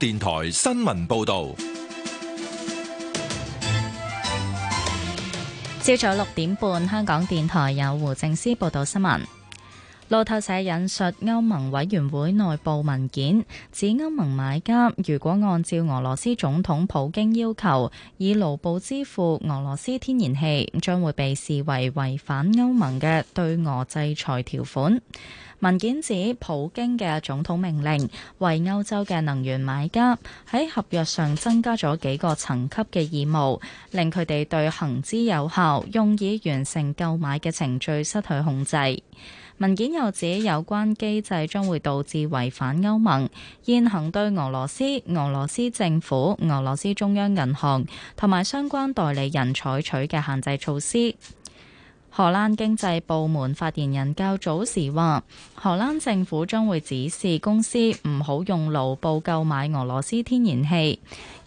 電台新聞報道。朝早六點半，香港電台有胡靜思報道新聞。路透社引述歐盟委員會內部文件，指歐盟買家如果按照俄羅斯總統普京要求以盧布支付俄羅斯天然氣，將會被視為違反歐盟嘅對俄制裁條款。文件指普京嘅總統命令為歐洲嘅能源買家喺合約上增加咗幾個層級嘅義務，令佢哋對行之有效用以完成購買嘅程序失去控制。文件又指，有關機制將會導致違反歐盟現行對俄羅斯、俄羅斯政府、俄羅斯中央銀行同埋相關代理人採取嘅限制措施。荷蘭經濟部門發言人較早時話，荷蘭政府將會指示公司唔好用盧布購買俄羅斯天然氣，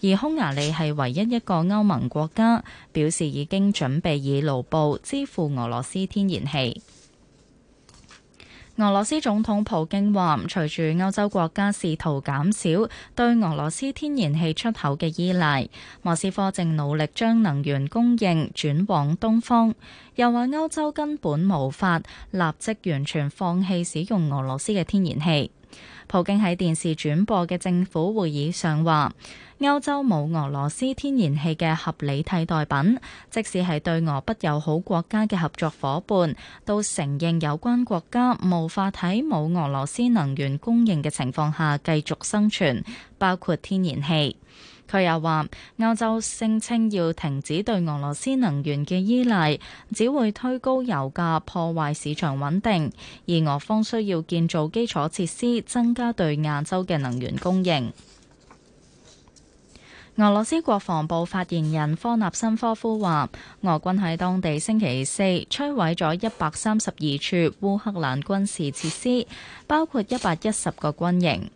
而匈牙利係唯一一個歐盟國家表示已經準備以盧布支付俄羅斯天然氣。俄羅斯總統普京話：隨住歐洲國家試圖減少對俄羅斯天然氣出口嘅依賴，莫斯科正努力將能源供應轉往東方。又話歐洲根本無法立即完全放棄使用俄羅斯嘅天然氣。普京喺電視轉播嘅政府會議上話：歐洲冇俄羅斯天然氣嘅合理替代品，即使係對俄不友好國家嘅合作伙伴，都承認有關國家無法喺冇俄羅斯能源供應嘅情況下繼續生存，包括天然氣。佢又話：歐洲聲稱要停止對俄羅斯能源嘅依賴，只會推高油價，破壞市場穩定，而俄方需要建造基礎設施，增加對亞洲嘅能源供應。俄羅斯國防部發言人科納申科夫話：俄軍喺當地星期四摧毀咗一百三十二處烏克蘭軍事設施，包括一百一十個軍營。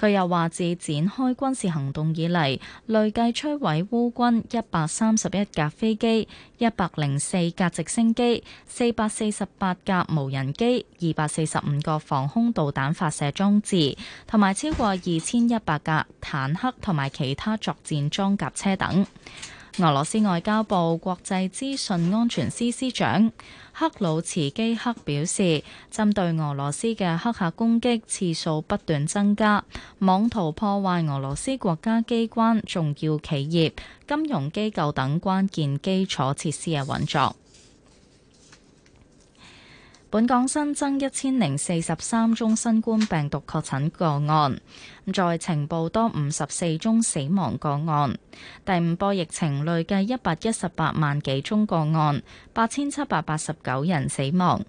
佢又話：自展開軍事行動以嚟，累計摧毀烏軍一百三十一架飛機、一百零四架直升機、四百四十八架無人機、二百四十五個防空導彈發射裝置，同埋超過二千一百架坦克同埋其他作戰裝甲車等。俄羅斯外交部國際資訊安全司司長克魯茨基克表示，針對俄羅斯嘅黑客攻擊次數不斷增加，妄圖破壞俄羅斯國家機關、重要企業、金融機構等關鍵基礎設施嘅運作。本港新增一千零四十三宗新冠病毒確診個案，再呈報多五十四宗死亡個案。第五波疫情累計一百一十八萬幾宗個案，八千七百八十九人死亡。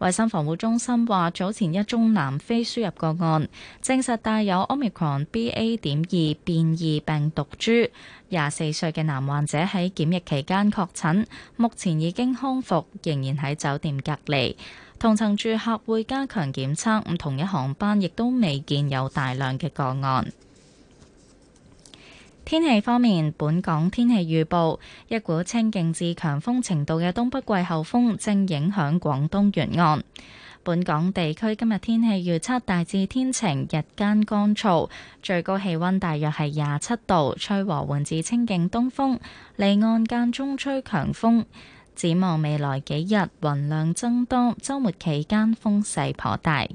衛生防護中心話，早前一宗南非輸入個案證實帶有 Omicron BA. 點二變異病毒株，廿四歲嘅男患者喺檢疫期間確診，目前已經康復，仍然喺酒店隔離。同層住客會加強檢測，唔同一航班亦都未見有大量嘅個案。天氣方面，本港天氣預報，一股清勁至強風程度嘅東北季候風正影響廣東沿岸。本港地區今日天氣預測大致天晴，日間乾燥，最高氣温大約係廿七度，吹和緩至清勁東風，離岸間中吹強風。展望未來幾日，雲量增多，週末期間風勢頗大。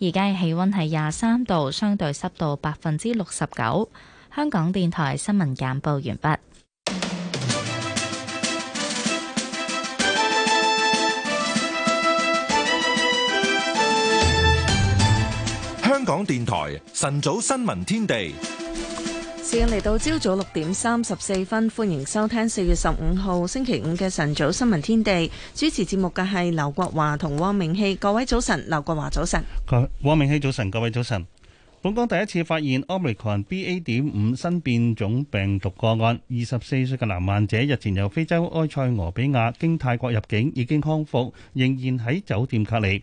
而家氣温係廿三度，相對濕度百分之六十九。香港電台新聞簡報完畢。香港電台晨早新聞天地。時間嚟到朝早六點三十四分，歡迎收聽四月十五號星期五嘅晨早新聞天地。主持節目嘅係劉國華同汪明熙，各位早晨，劉國華早晨，汪明熙早晨，各位早晨。本港第一次發現 Omicron B A. 點五新變種病毒個案，二十四歲嘅男患者日前由非洲埃塞俄比亞經泰國入境，已經康復，仍然喺酒店隔離。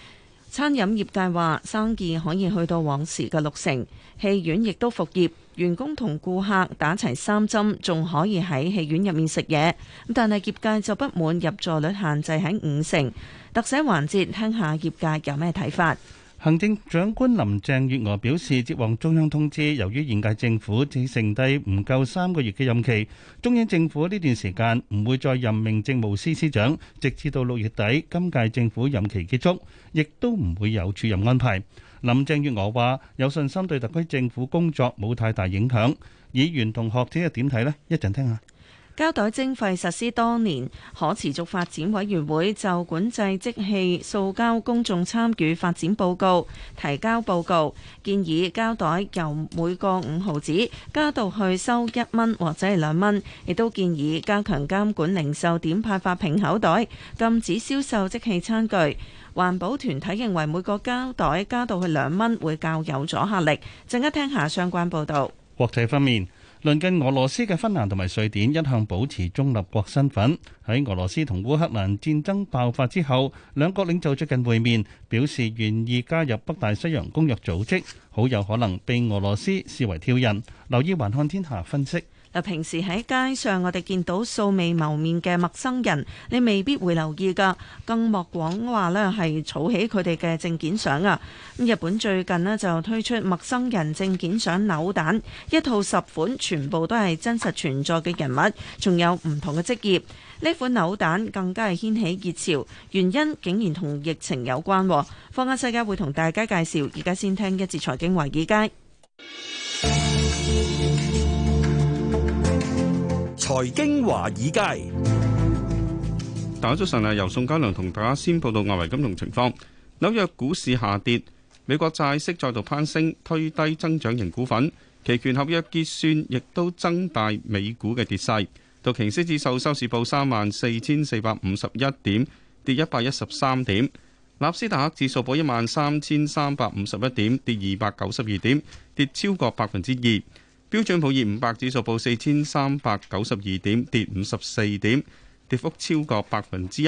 餐飲業界話生意可以去到往時嘅六成，戲院亦都復業，員工同顧客打齊三針，仲可以喺戲院入面食嘢。但係業界就不滿入座率限制喺五成。特寫環節，聽下業界有咩睇法。行政長官林鄭月娥表示，接獲中央通知，由於現屆政府只剩低唔夠三個月嘅任期，中央政府呢段時間唔會再任命政務司司長，直至到六月底今屆政府任期結束，亦都唔會有署任安排。林鄭月娥話有信心對特區政府工作冇太大影響。議員同學仔又點睇呢？一陣聽下。膠袋徵費實施多年，可持續發展委員會就管制即棄塑膠公眾參與發展報告提交報告，建議膠袋由每個五毫紙加到去收一蚊或者係兩蚊，亦都建議加強監管零售點派發平口袋，禁止銷售即棄餐具。環保團體認為每個膠袋加到去兩蚊會較有阻嚇力。陣間聽下相關報導。國際方面。鄰近俄羅斯嘅芬蘭同埋瑞典一向保持中立國身份。喺俄羅斯同烏克蘭戰爭爆發之後，兩國領袖最近會面，表示願意加入北大西洋公約組織，好有可能被俄羅斯視為挑釁。留意《環看天下》分析。平時喺街上，我哋見到素未謀面嘅陌生人，你未必會留意噶，更莫講話呢係儲起佢哋嘅證件相啊！日本最近呢就推出陌生人證件相扭蛋，一套十款，全部都係真實存在嘅人物，仲有唔同嘅職業。呢款扭蛋更加係掀起熱潮，原因竟然同疫情有關。放眼世界會同大家介紹，而家先聽一節財經華爾街。財經華爾街，大家早晨啊。由宋嘉良同大家先報道外圍金融情況。紐約股市下跌，美國債息再度攀升，推低增長型股份。期權合約結算亦都增大美股嘅跌勢。道瓊斯指數收市報三萬四千四百五十一點，跌一百一十三點。納斯達克指數報一萬三千三百五十一點，跌二百九十二點，跌超過百分之二。標準普爾五百指數報四千三百九十二點，跌五十四點，跌幅超過百分之一。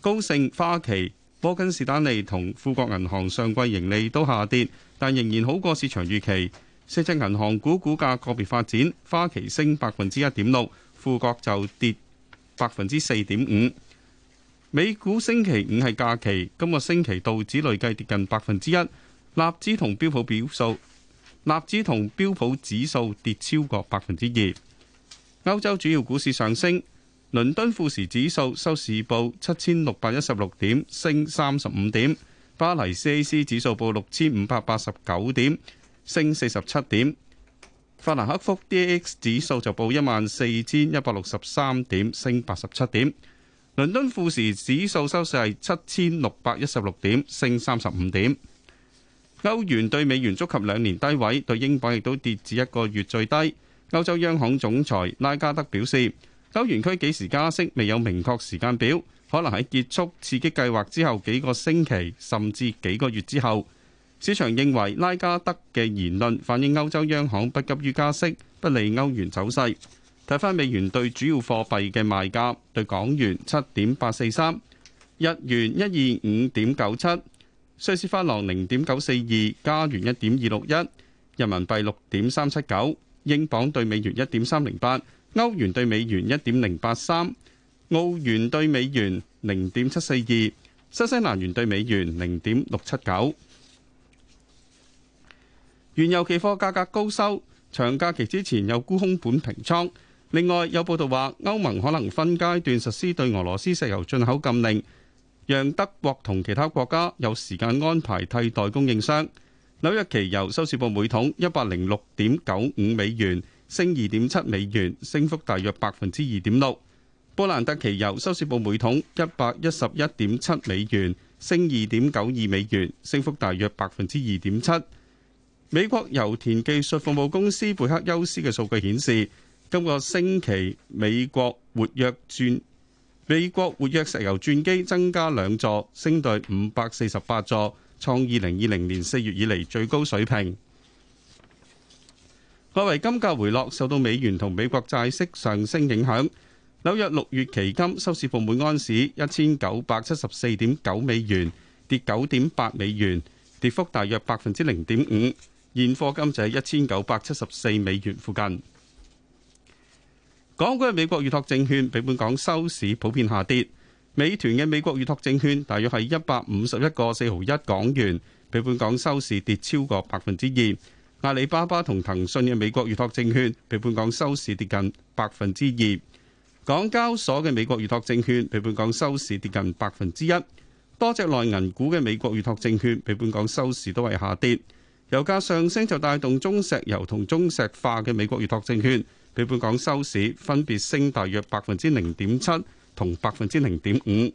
高盛、花旗、摩根士丹利同富國銀行上季盈利都下跌，但仍然好過市場預期。四隻銀行股股價個別發展，花旗升百分之一點六，富國就跌百分之四點五。美股星期五係假期，今個星期道指累計跌近百分之一，納指同標普表數。納指同標普指數跌超過百分之二，歐洲主要股市上升。倫敦富時指數收市報七千六百一十六點，升三十五點。巴黎 CAC 指數報六千五百八十九點，升四十七點。法蘭克福 DAX 指數就報一萬四千一百六十三點，升八十七點。倫敦富時指數收市係七千六百一十六點，升三十五點。歐元對美元觸及兩年低位，對英鎊亦都跌至一個月最低。歐洲央行總裁拉加德表示，歐元區幾時加息未有明確時間表，可能喺結束刺激計劃之後幾個星期，甚至幾個月之後。市場認為拉加德嘅言論反映歐洲央行不急於加息，不利歐元走勢。睇返美元對主要貨幣嘅賣價，對港元七點八四三，日元一二五點九七。瑞士法郎零點九四二，加元一點二六一，人民幣六點三七九，英鎊兌美元一點三零八，歐元兌美元一點零八三，澳元兌美元零點七四二，新西蘭元兌美元零點六七九。原油期貨價格高收，長假期之前有沽空盤平倉。另外有報道話，歐盟可能分階段實施對俄羅斯石油進口禁令。讓德國同其他國家有時間安排替代供應商。紐約期油收市報每桶一百零六點九五美元，升二點七美元，升幅大約百分之二點六。波蘭特期油收市報每桶一百一十一點七美元，升二點九二美元，升幅大約百分之二點七。美國油田技術服務公司貝克休斯嘅數據顯示，今個星期美國活躍鑽美國活躍石油鑽機增加兩座，升到五百四十八座，創二零二零年四月以嚟最高水平。外圍金價回落，受到美元同美國債息上升影響。紐約六月期金收市報每盎司一千九百七十四點九美元，跌九點八美元，跌幅大約百分之零點五。現貨金就喺一千九百七十四美元附近。港股嘅美國預託證券比本港收市普遍下跌，美團嘅美國預託證券大約係一百五十一個四毫一港元，比本港收市跌超過百分之二；阿里巴巴同騰訊嘅美國預託證券比本港收市跌近百分之二；港交所嘅美國預託證券比本港收市跌近百分之一；多隻內銀股嘅美國預託證券比本港收市都係下跌；油價上升就帶動中石油同中石化嘅美國預託證券。兩本港收市分別升大約百分之零點七同百分之零點五，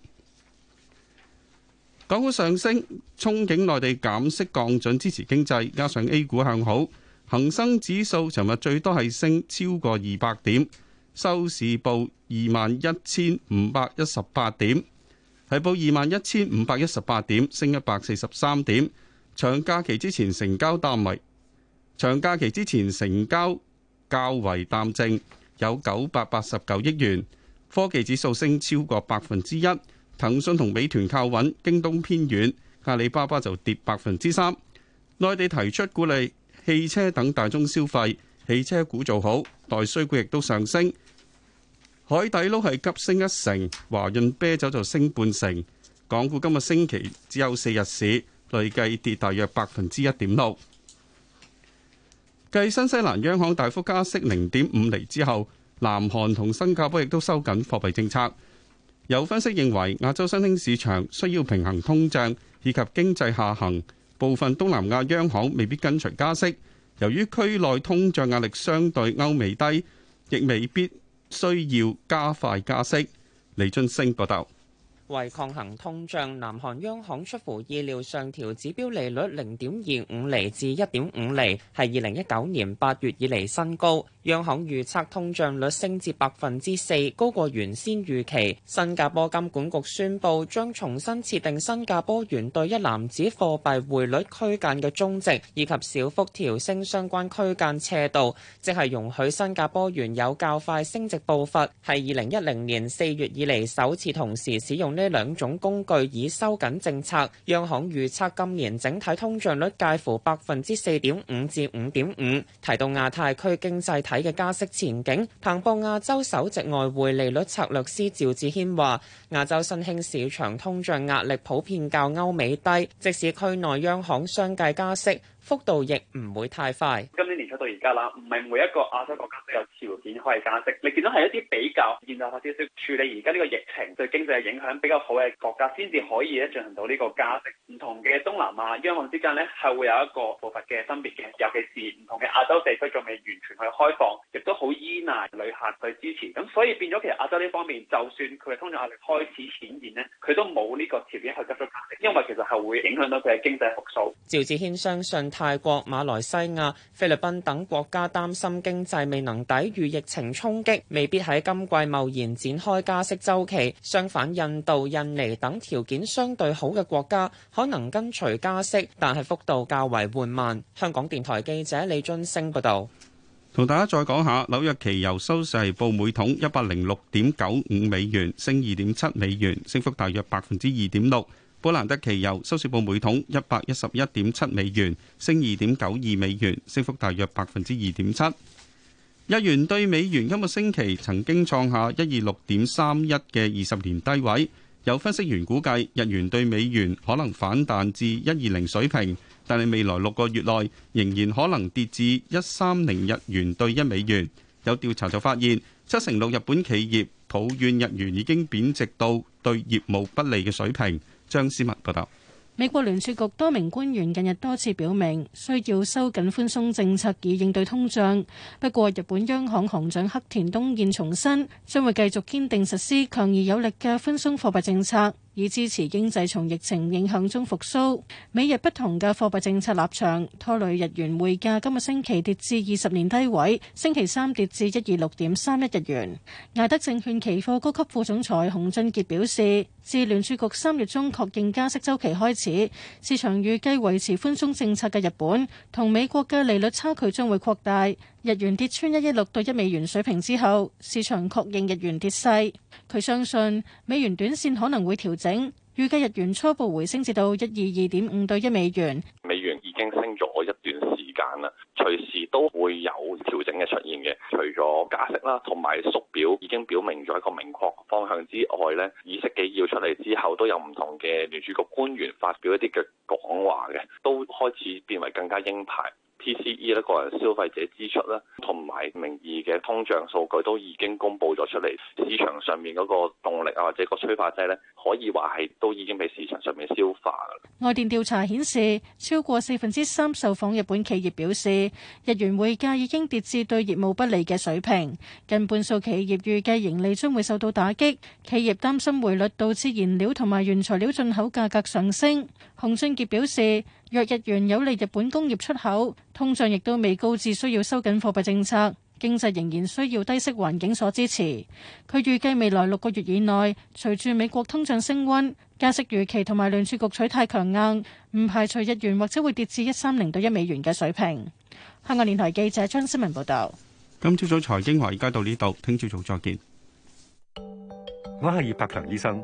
港股上升，憧憬內地減息降準支持經濟，加上 A 股向好，恒生指數尋日最多係升超過二百點，收市報二萬一千五百一十八點，係報二萬一千五百一十八點，升一百四十三點。長假期之前成交淡微，長假期之前成交。較為淡靜，有九百八十九億元。科技指數升超過百分之一，騰訊同美團靠穩，京東偏軟，阿里巴巴就跌百分之三。內地提出鼓勵汽車等大宗消費，汽車股做好，內需股亦都上升。海底撈係急升一成，華潤啤酒就升半成。港股今個星期只有四日市，累計跌大約百分之一點六。繼新西蘭央行大幅加息零點五厘之後，南韓同新加坡亦都收緊貨幣政策。有分析認為，亞洲新興市場需要平衡通脹以及經濟下行，部分東南亞央行未必跟隨加息。由於區內通脹壓力相對歐美低，亦未必需要加快加息。李俊升報道。為抗衡通脹，南韓央行出乎意料上調指標利率零點二五厘至一點五厘，係二零一九年八月以嚟新高。央行預測通脹率升至百分之四，高過原先預期。新加坡金管局宣布將重新設定新加坡元對一籃子貨幣匯率區間嘅中值，以及小幅調升相關區間斜度，即係容許新加坡元有較快升值步伐，係二零一零年四月以嚟首次同時使用呢呢兩種工具已收緊政策，央行預測今年整體通脹率介乎百分之四點五至五點五。提到亞太區經濟體嘅加息前景，彭博亞洲首席外匯利率策略師趙志謙話：亞洲新興市場通脹壓力普遍較歐美低，即使區內央行相繼加息。幅度亦唔會太快。今年年初到而家啦，唔係每一個亞洲國家都有條件可以加息。你見到係一啲比較現代化少少處理而家呢個疫情對經濟嘅影響比較好嘅國家，先至可以咧進行到呢個加息。唔同嘅東南亞央行之間呢，係會有一個步伐嘅分別嘅。尤其是唔同嘅亞洲地區，仲未完全去開放，亦都好依賴旅客去支持。咁所以變咗，其實亞洲呢方面，就算佢嘅通脹壓力開始顯現呢，佢都冇呢個條件去急速加息，因為其實係會影響到佢嘅經濟復甦。趙志軒相信。泰國、馬來西亞、菲律賓等國家擔心經濟未能抵禦疫情衝擊，未必喺今季貿然展開加息周期。相反，印度、印尼等條件相對好嘅國家可能跟隨加息，但係幅度較為緩慢。香港電台記者李津升報道。同大家再講下，紐約期油收市報每桶一百零六點九五美元，升二點七美元，升幅大約百分之二點六。布蘭特期油收市報每桶一百一十一點七美元，升二點九二美元，升幅大約百分之二點七。日元對美元今個星期曾經創下一二六點三一嘅二十年低位，有分析員估計日元對美元可能反彈至一二零水平，但係未來六個月內仍然可能跌至一三零日元對一美元。有調查就發現七成六日本企業抱怨日元已經貶值到對業務不利嘅水平。張思墨報道，美國聯儲局多名官員近日多次表明需要收緊寬鬆政策，以應對通脹。不過，日本央行行長黑田東彥重申將會繼續堅定實施強而有力嘅寬鬆貨幣政策，以支持經濟從疫情影響中復甦。美日不同嘅貨幣政策立場拖累日元匯價，今個星期跌至二十年低位，星期三跌至一二六點三一日元。艾德證券期貨高級副，副總裁洪俊傑表示。自聯儲局三月中確認加息週期開始，市場預計維持寬鬆政策嘅日本同美國嘅利率差距將會擴大。日元跌穿一一六對一美元水平之後，市場確認日元跌勢。佢相信美元短線可能會調整，預計日元初步回升至到一二二點五對一美元。間啦，隨時，時都會有調整嘅出現嘅。除咗加息啦，同埋縮表已經表明咗一個明確方向之外呢，議息紀要出嚟之後，都有唔同嘅聯儲局官員發表一啲嘅講話嘅，都開始變為更加鷹派。TCE 呢個人消費者支出啦，同埋名義嘅通脹數據都已經公布咗出嚟，市場上面嗰個動力啊，或者個催化劑呢，可以話係都已經被市場上面消化。外電調查顯示，超過四分之三受訪日本企業表示，日元匯價已經跌至對業務不利嘅水平，近半數企業預計盈利將會受到打擊，企業擔心匯率導致燃料同埋原材料進口價格上升。洪俊傑表示，若日元有利日本工業出口，通脹亦都未高至需要收緊貨幣政策，經濟仍然需要低息環境所支持。佢預計未來六個月以內，隨住美國通脹升温、加息預期同埋聯儲局取態強硬，唔排除日元或者會跌至一三零到一美元嘅水平。香港電台記者張思文報道。今朝早財經話，而家到呢度，聽朝早再見。我係葉柏強醫生。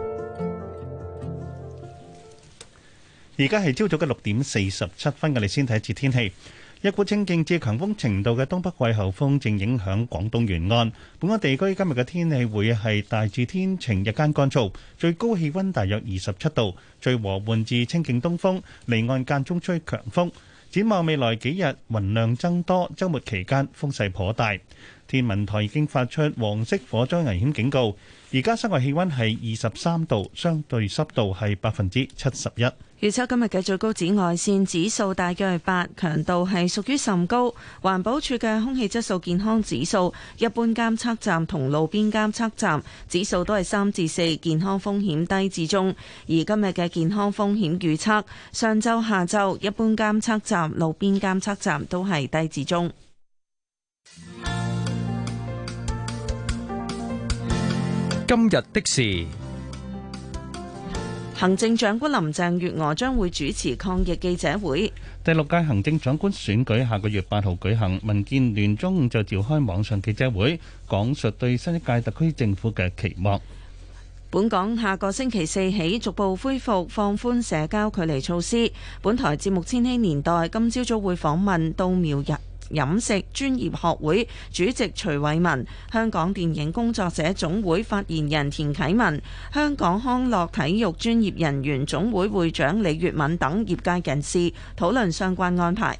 而家係朝早嘅六點四十七分，我哋先睇一次天氣。一股清勁至強風程度嘅東北季候風正影響廣東沿岸，本港地區今日嘅天氣會係大致天晴，日間乾燥，最高氣溫大約二十七度，最和緩至清勁東風，離岸間中吹強風。展望未來幾日雲量增多，周末期間風勢頗大。天文台已經發出黃色火災危險警告。而家室外氣温係二十三度，相對濕度係百分之七十一。預測今日嘅最高紫外線指數大約係八，強度係屬於甚高。環保署嘅空氣質素健康指數，一般監測站同路邊監測站指數都係三至四，健康風險低至中。而今日嘅健康風險預測，上晝、下晝一般監測站、路邊監測站都係低至中。今日的事，行政長官林鄭月娥將會主持抗疫記者會。第六屆行政長官選舉下個月八號舉行，民建聯中午就召開網上記者會，講述對新一屆特區政府嘅期望。本港下個星期四起逐步恢復放寬社交距離措施。本台節目《千禧年代》今朝早會訪問杜苗日，飲食專業學會主席徐偉文、香港電影工作者總會發言人田啟文、香港康樂體育專業人員總會會長李月敏等業界人士討論相關安排。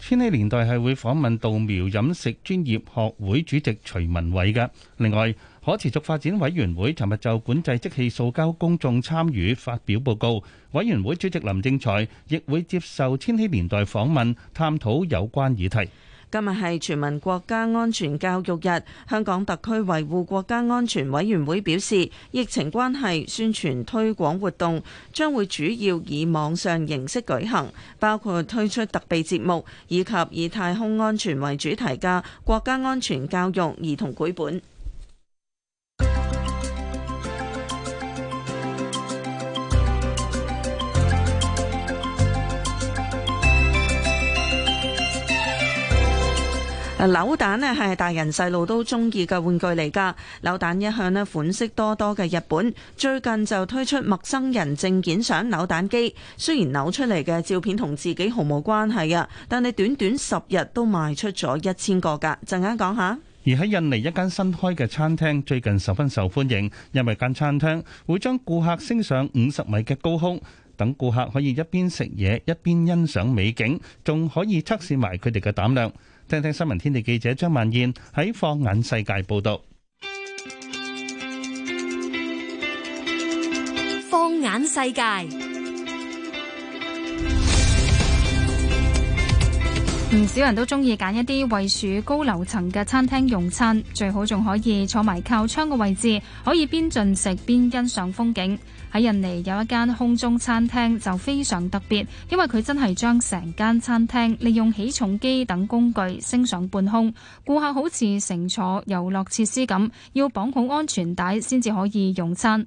千禧年代係會訪問稻苗飲食專業學會主席徐文偉嘅，另外。可持續發展委員會尋日就管制即棄塑膠公眾參與發表報告。委員會主席林正財亦會接受《千禧年代》訪問，探討有關議題。今日係全民國家安全教育日，香港特區維護國家安全委員會表示，疫情關係，宣傳推廣活動將會主要以網上形式舉行，包括推出特備節目以及以太空安全為主題嘅國家安全教育兒童繪本。扭蛋呢，係大人細路都中意嘅玩具嚟噶，扭蛋一向呢，款式多多嘅，日本最近就推出陌生人證件相扭蛋機，雖然扭出嚟嘅照片同自己毫無關係啊，但係短短十日都賣出咗一千個噶。陣間講下。而喺印尼一間新開嘅餐廳最近十分受歡迎，因為間餐廳會將顧客升上五十米嘅高空，等顧客可以一邊食嘢一邊欣賞美景，仲可以測試埋佢哋嘅膽量。晨早新聞天地記者張萬燕喺放眼世界報道。放眼世界，唔少人都中意揀一啲位處高樓層嘅餐廳用餐，最好仲可以坐埋靠窗嘅位置，可以邊進食邊欣賞風景。喺印尼有一間空中餐廳就非常特別，因為佢真係將成間餐廳利用起重機等工具升上半空，顧客好似乘坐遊樂設施咁，要綁好安全帶先至可以用餐。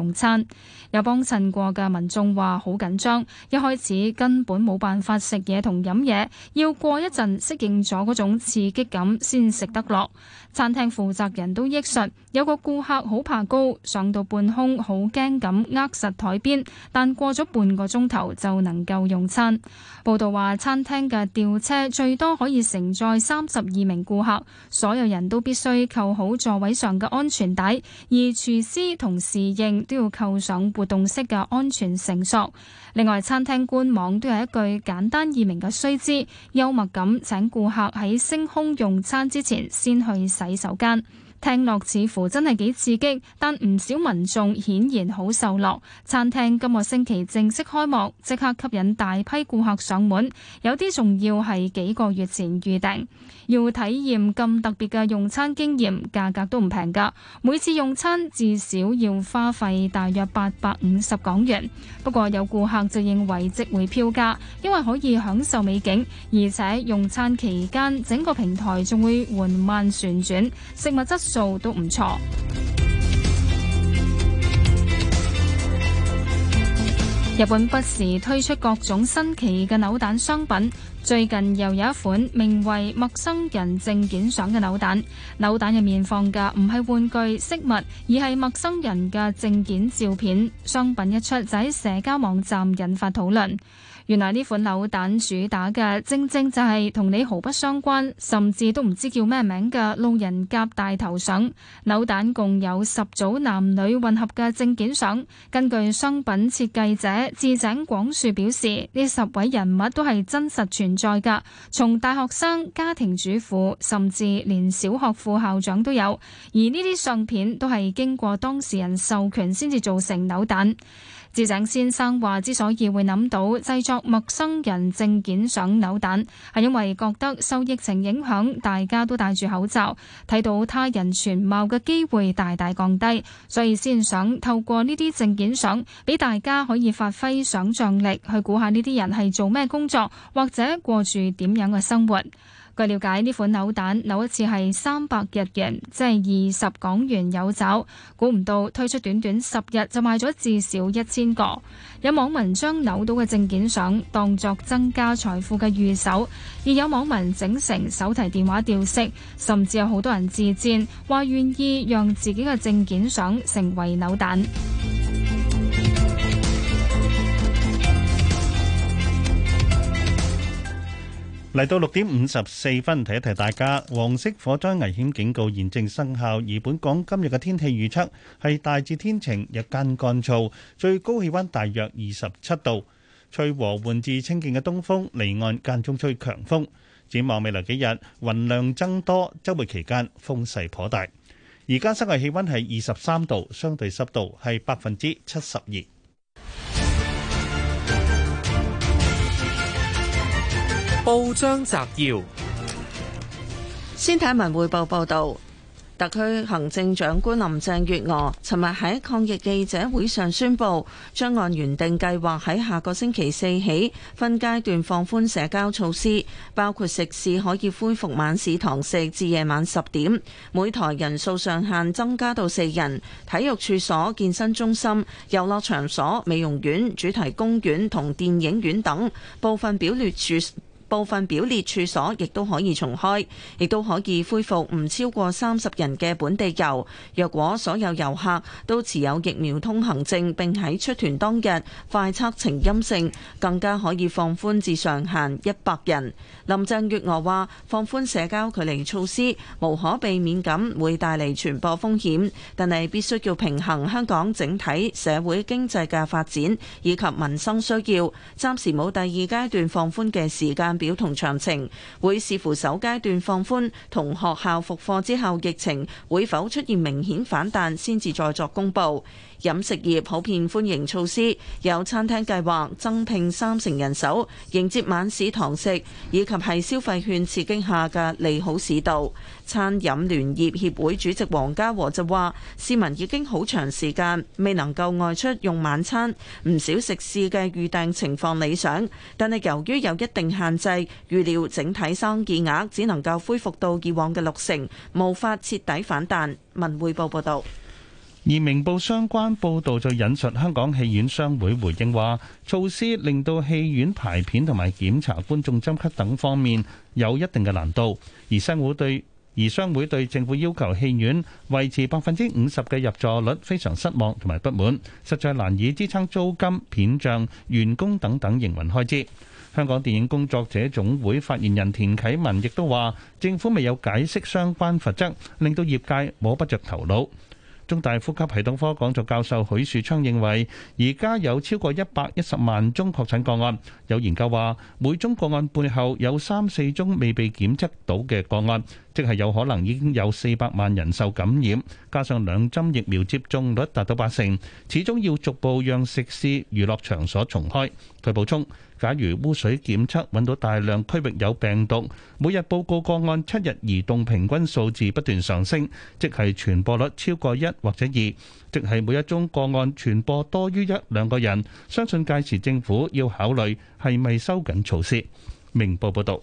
用餐有幫襯過嘅民眾話好緊張，一開始根本冇辦法食嘢同飲嘢，要過一陣適應咗嗰種刺激感先食得落。 餐廳負責人都憶述：有個顧客好怕高，上到半空好驚咁握實台邊，但過咗半個鐘頭就能夠用餐。報道話，餐廳嘅吊車最多可以承載三十二名顧客，所有人都必須扣好座位上嘅安全帶，而廚師同侍應都要扣上活動式嘅安全繩索。另外，餐廳官網都有一句簡單易明嘅須知，幽默咁請顧客喺升空用餐之前先去洗手間。聽落似乎真係幾刺激，但唔少民眾顯然好受落。餐廳今個星期正式開幕，即刻吸引大批顧客上門，有啲仲要係幾個月前預訂。要體驗咁特別嘅用餐經驗，價格都唔平㗎。每次用餐至少要花費大約八百五十港元。不過有顧客就認為值回票價，因為可以享受美景，而且用餐期間整個平台仲會緩慢旋轉，食物質素都唔錯。日本不時推出各種新奇嘅扭蛋商品，最近又有一款名為《陌生人證件相》嘅扭蛋。扭蛋入面放嘅唔係玩具飾物，而係陌生人嘅證件照片。商品一出，就喺社交網站引發討論。原來呢款扭蛋主打嘅，正正就係同你毫不相關，甚至都唔知叫咩名嘅路人甲大頭相。扭蛋共有十組男女混合嘅證件相。根據商品設計者志井廣樹表示，呢十位人物都係真實存在㗎，從大學生、家庭主婦，甚至連小學副校長都有。而呢啲相片都係經過當事人授權先至做成扭蛋。智井先生話：之所以會諗到製作陌生人證件相扭蛋，係因為覺得受疫情影響，大家都戴住口罩，睇到他人全貌嘅機會大大降低，所以先想透過呢啲證件相，俾大家可以發揮想像力，去估下呢啲人係做咩工作或者過住點樣嘅生活。據了解，呢款扭蛋扭一次係三百日元，即係二十港元有找。估唔到推出短短十日就賣咗至少一千個。有網民將扭到嘅證件相當作增加財富嘅預手，而有網民整成手提電話吊飾，甚至有好多人自薦，話願意讓自己嘅證件相成為扭蛋。嚟到六點五十四分，提一提大家，黃色火災危險警告現正生效。而本港今日嘅天氣預測係大致天晴，日間乾，乾燥，最高氣温大約二十七度，吹和緩至清勁嘅東風，離岸間中吹強風。展望未來幾日，雲量增多，周末期間風勢頗大。而家室外氣温係二十三度，相對濕度係百分之七十二。報章摘要：先睇文匯報報道，特區行政長官林鄭月娥尋日喺抗疫記者會上宣布，將按原定計劃喺下個星期四起分階段放寬社交措施，包括食肆可以恢復晚市堂食至夜晚十點，每台人數上限增加到四人；體育處所、健身中心、遊樂場所、美容院、主題公園同電影院等部分表列處。部分表列處所亦都可以重開，亦都可以恢復唔超過三十人嘅本地遊。若果所有遊客都持有疫苗通行證並喺出團當日快測呈陰性，更加可以放寬至上限一百人。林鄭月娥話：放寬社交距離措施無可避免咁會帶嚟傳播風險，但係必須要平衡香港整體社會經濟嘅發展以及民生需要。暫時冇第二階段放寬嘅時間表同詳情會視乎首階段放寬同學校復課之後疫情會否出現明顯反彈先至再作公布。飲食業普遍歡迎措施，有餐廳計劃增聘三成人手迎接晚市堂食，以及係消費券刺激下嘅利好市道。餐飲聯業協會主席黃家和就話：市民已經好長時間未能夠外出用晚餐，唔少食肆嘅預訂情況理想，但係由於有一定限制，預料整體生意額只能夠恢復到以往嘅六成，無法徹底反彈。文匯報報道。而明報相關報導就引述香港戲院商會回應話，措施令到戲院排片同埋檢查觀眾針級等方面有一定嘅難度。而商會對而商會對政府要求戲院維持百分之五十嘅入座率非常失望同埋不滿，實在難以支撐租金、片賬、員工等等營運開支。香港電影工作者總會發言人田啟文亦都話，政府未有解釋相關罰則，令到業界摸不着頭腦。中大呼吸系統科講座教授許樹昌認為，而家有超過一百一十萬宗確診個案，有研究話每宗個案背後有三四宗未被檢測到嘅個案。即係有可能已經有四百萬人受感染，加上兩針疫苗接種率達到八成，始終要逐步讓食肆、娛樂場所重開。佢補充：假如污水檢測揾到大量區域有病毒，每日報告個案七日移動平均數字不斷上升，即係傳播率超過一或者二，即係每一宗個案傳播多於一兩個人。相信屆時政府要考慮係咪收緊措施。明報報道。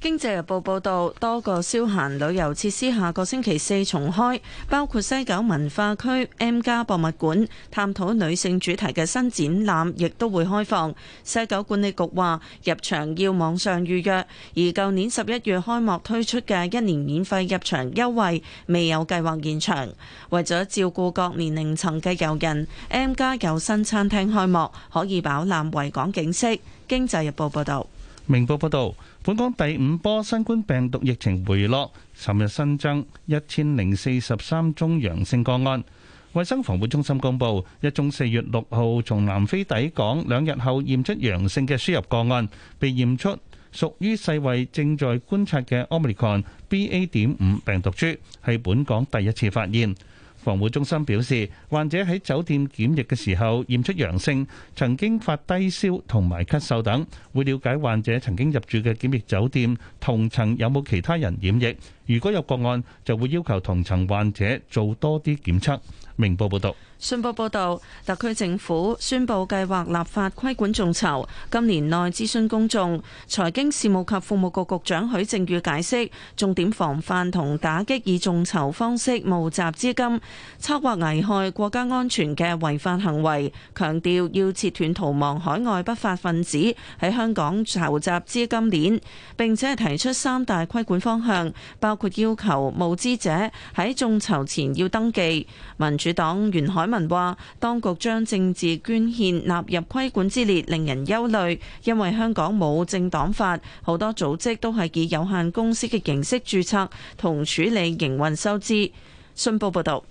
經濟日報報道，多個消閒旅遊設施下個星期四重開，包括西九文化區 M+ 博物館探討女性主題嘅新展覽，亦都會開放。西九管理局話，入場要網上預約，而舊年十一月開幕推出嘅一年免費入場優惠，未有計劃延長。為咗照顧各年齡層嘅遊人，M+ 有新餐廳開幕，可以飽覽維港景色。經濟日報報道，明報報道。本港第五波新冠病毒疫情回落，尋日新增一千零四十三宗陽性個案。衛生防護中心公布，一宗四月六號從南非抵港兩日後驗出陽性嘅輸入個案，被驗出屬於世衛正在觀察嘅 Omicron BA. 點五病毒株，係本港第一次發現。防護中心表示，患者喺酒店檢疫嘅時候驗出陽性，曾經發低燒同埋咳嗽等，會了解患者曾經入住嘅檢疫酒店同層有冇其他人染疫。如果有個案，就會要求同層患者做多啲檢測。明報報道。信報報導，特區政府宣布計劃立法規管眾籌，今年內諮詢公眾。財經事務及庫務局局長許正宇解釋，重點防範同打擊以眾籌方式募集資金、策劃危害國家安全嘅違法行為，強調要切斷逃亡海外不法分子喺香港籌集資金鏈，並且提出三大規管方向，包括要求募資者喺眾籌前要登記。民主黨袁海市民話，當局將政治捐獻納入規管之列，令人憂慮，因為香港冇政黨法，好多組織都係以有限公司嘅形式註冊同處理營運收支。信報報道，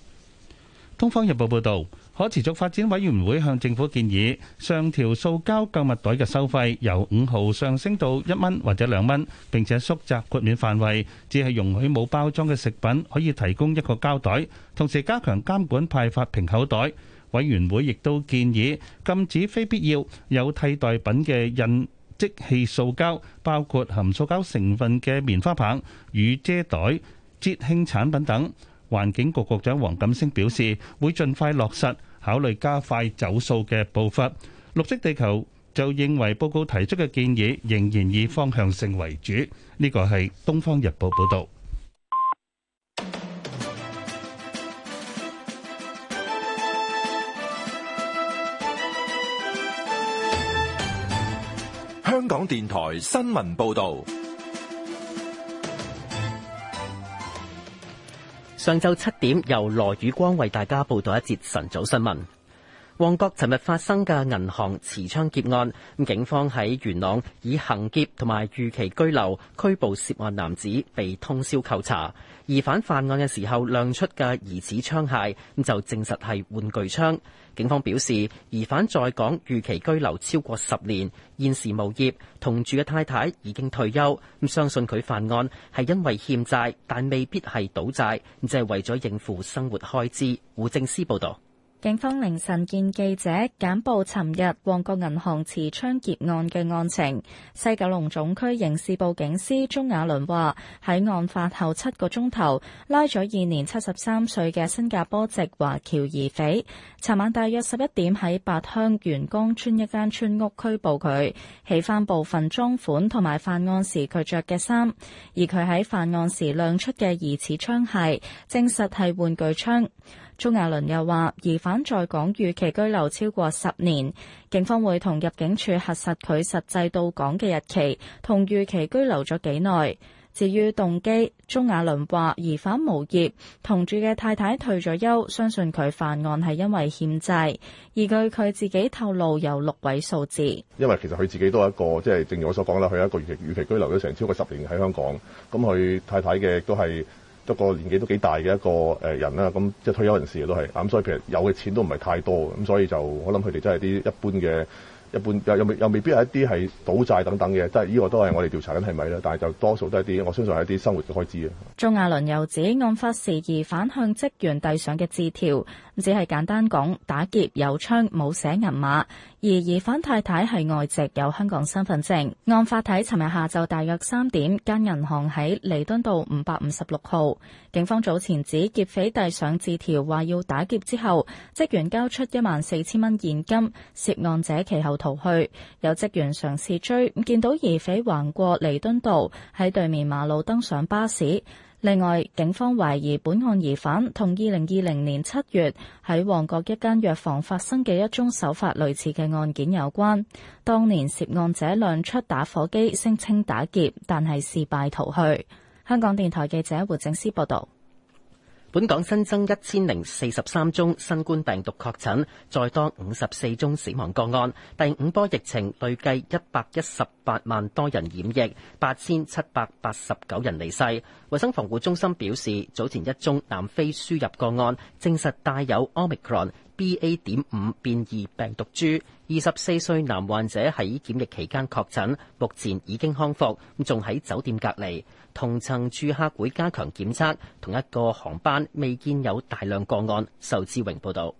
東方日報報道。可持續發展委員會向政府建議，上調塑膠購物袋嘅收費由五毫上升到一蚊或者兩蚊，並且縮窄豁免範圍，只係容許冇包裝嘅食品可以提供一個膠袋。同時加強監管派發平口袋。委員會亦都建議禁止非必要有替代品嘅即棄塑膠，包括含塑膠成分嘅棉花棒、雨遮袋、節慶產品等。環境局局長黃錦星表示，會盡快落實。考慮加快走數嘅步伐。綠色地球就認為報告提出嘅建議仍然以方向性為主。呢個係《東方日報》報道。香港電台新聞報道。上晝七點，由羅宇光為大家報道一節晨早新聞。旺角尋日發生嘅銀行持槍劫案，咁警方喺元朗以行劫同埋逾期居留拘捕涉案男子，被通宵扣查。疑犯犯，犯案嘅時候亮出嘅疑似槍械，咁就證實係玩具槍。警方表示，疑犯在港逾期居留超過十年，現時無業，同住嘅太太已經退休。咁相信佢犯案係因為欠債，但未必係賭債，即就係為咗應付生活開支。胡正思報導。警方凌晨見記者簡報，尋日旺角銀行持槍劫案嘅案情。西九龍總區刑事部警司鍾雅倫話：喺案發後七個鐘頭，拉咗現年七十三歲嘅新加坡籍華僑疑匪。尋晚大約十一點喺八鄉元江村一間村屋拘捕佢，起翻部分贓款同埋犯案時佢着嘅衫。而佢喺犯案時亮出嘅疑似槍械，證實係玩具槍。鍾雅倫又話，疑犯在港預期居留超過十年，警方會同入境處核實佢實際到港嘅日期，同預期居留咗幾耐。至於動機，鍾雅倫話疑犯無業，同住嘅太太退咗休，相信佢犯案係因為欠債。而據佢自己透露，有六位數字。因為其實佢自己都有一個，即係正如我所講啦，佢有一個預期預期居留咗成超過十年喺香港，咁佢太太嘅亦都係。一個年紀都幾大嘅一個誒人啦，咁即係退休人士都係，咁所以其實有嘅錢都唔係太多，咁所以就我諗佢哋真係啲一般嘅一般又又未又未必係一啲係賭債等等嘅，即係呢個都係我哋調查緊係咪啦。但係就多數都係啲我相信係一啲生活嘅開支啊。鍾亞倫又自己案發時而反向職員遞上嘅字條，只係簡單講打劫有槍，冇寫銀碼。而疑犯太太係外籍，有香港身份證。案發體尋日下晝大約三點，間銀行喺彌敦道五百五十六號。警方早前指劫匪遞上字條，話要打劫之後，職員交出一萬四千蚊現金，涉案者其後逃去。有職員嘗試追，見到疑匪橫過彌敦道，喺對面馬路登上巴士。另外，警方懷疑本案疑犯同二零二零年七月喺旺角一間藥房發生嘅一宗手法類似嘅案件有關。當年涉案者亮出打火機聲稱打劫，但係事敗逃去。香港電台記者胡靜思報道。本港新增一千零四十三宗新冠病毒確診，再多五十四宗死亡個案。第五波疫情累計一百一十八萬多人染疫，八千七百八十九人離世。衛生防護中心表示，早前一宗南非輸入個案，證實帶有 omicron。BA 點五變異病毒株，二十四歲男患者喺檢疫期間確診，目前已經康復，仲喺酒店隔離，同層住客會加強檢測，同一個航班未見有大量個案。仇志榮報道。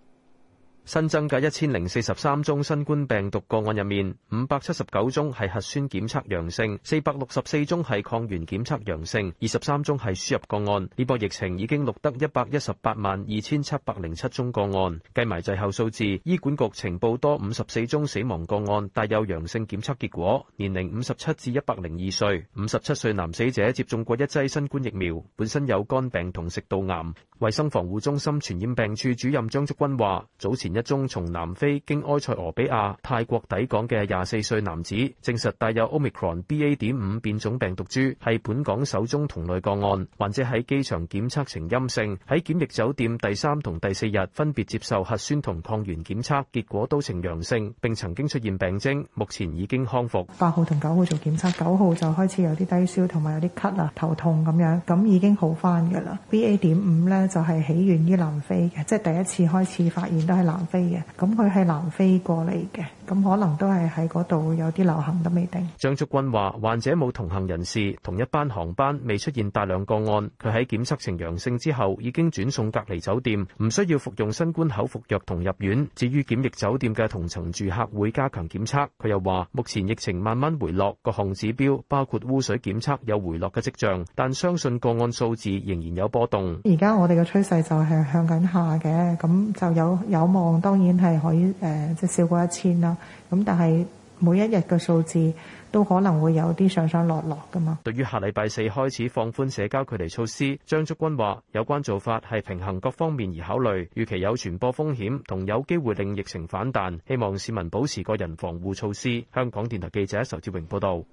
新增嘅一千零四十三宗新冠病毒個案入面，五百七十九宗係核酸檢測陽性，四百六十四宗係抗原檢測陽性，二十三宗係輸入個案。呢波疫情已經錄得一百一十八萬二千七百零七宗個案。計埋滯後數字，醫管局呈報多五十四宗死亡個案，帶有陽性檢測結果，年齡五十七至一百零二歲。五十七歲男死者接種過一劑新冠疫苗，本身有肝病同食道癌。衛生防護中心傳染病處主任張竹君話：早前。一宗從南非經埃塞俄比亞、泰國抵港嘅廿四歲男子，證實帶有 Omicron BA. 點五變種病毒株，係本港首宗同類個案。患者喺機場檢測呈陰性，喺檢疫酒店第三同第四日分別接受核酸同抗原檢測，結果都呈陽性，並曾經出現病徵，目前已經康復。八號同九號做檢測，九號就開始有啲低燒同埋有啲咳啊、頭痛咁樣，咁已經好翻噶啦。BA. 點五咧就係起源於南非嘅，即係第一次開始發現都係南。飛嘅，咁佢係南非過嚟嘅。咁可能都係喺嗰度有啲流行都未定。張竹君話：患者冇同行人士，同一班航班未出現大量個案。佢喺檢測呈陽性之後，已經轉送隔離酒店，唔需要服用新冠口服藥同入院。至於檢疫酒店嘅同層住客會加強檢測。佢又話：目前疫情慢慢回落，各項指標包括污水檢測有回落嘅跡象，但相信個案數字仍然有波動。而家我哋嘅趨勢就係向緊下嘅，咁就有有望當然係可以誒即、呃就是、少過一千啦。咁但係每一日嘅數字都可能會有啲上上落落噶嘛。對於下禮拜四開始放寬社交距離措施，張竹君話：有關做法係平衡各方面而考慮，預期有傳播風險同有機會令疫情反彈，希望市民保持個人防護措施。香港電台記者仇志榮報道。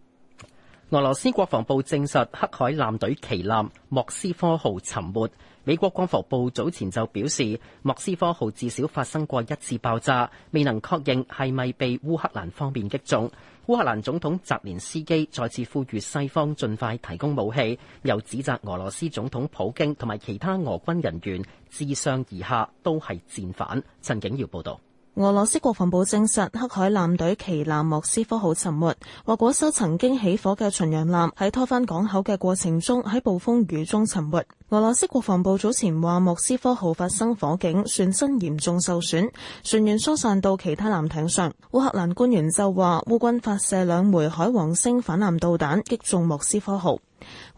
俄羅斯國防部證實黑海艦隊旗艦莫斯科號沉沒。美國國防部早前就表示，莫斯科號至少發生過一次爆炸，未能確認係咪被烏克蘭方面擊中。烏克蘭總統澤連斯基再次呼籲西方盡快提供武器，又指責俄羅斯總統普京同埋其他俄軍人員自上而下都係戰犯。陳景堯報道。俄羅斯國防部證實黑海艦隊旗艦莫斯科號沉沒，話嗰艘曾經起火嘅巡洋艦喺拖返港口嘅過程中喺暴風雨中沉沒。俄羅斯國防部早前話莫斯科號發生火警，船身嚴重受損，船員疏散到其他艦艇上。烏克蘭官員就話烏軍發射兩枚海王星反艦導彈擊中莫斯科號。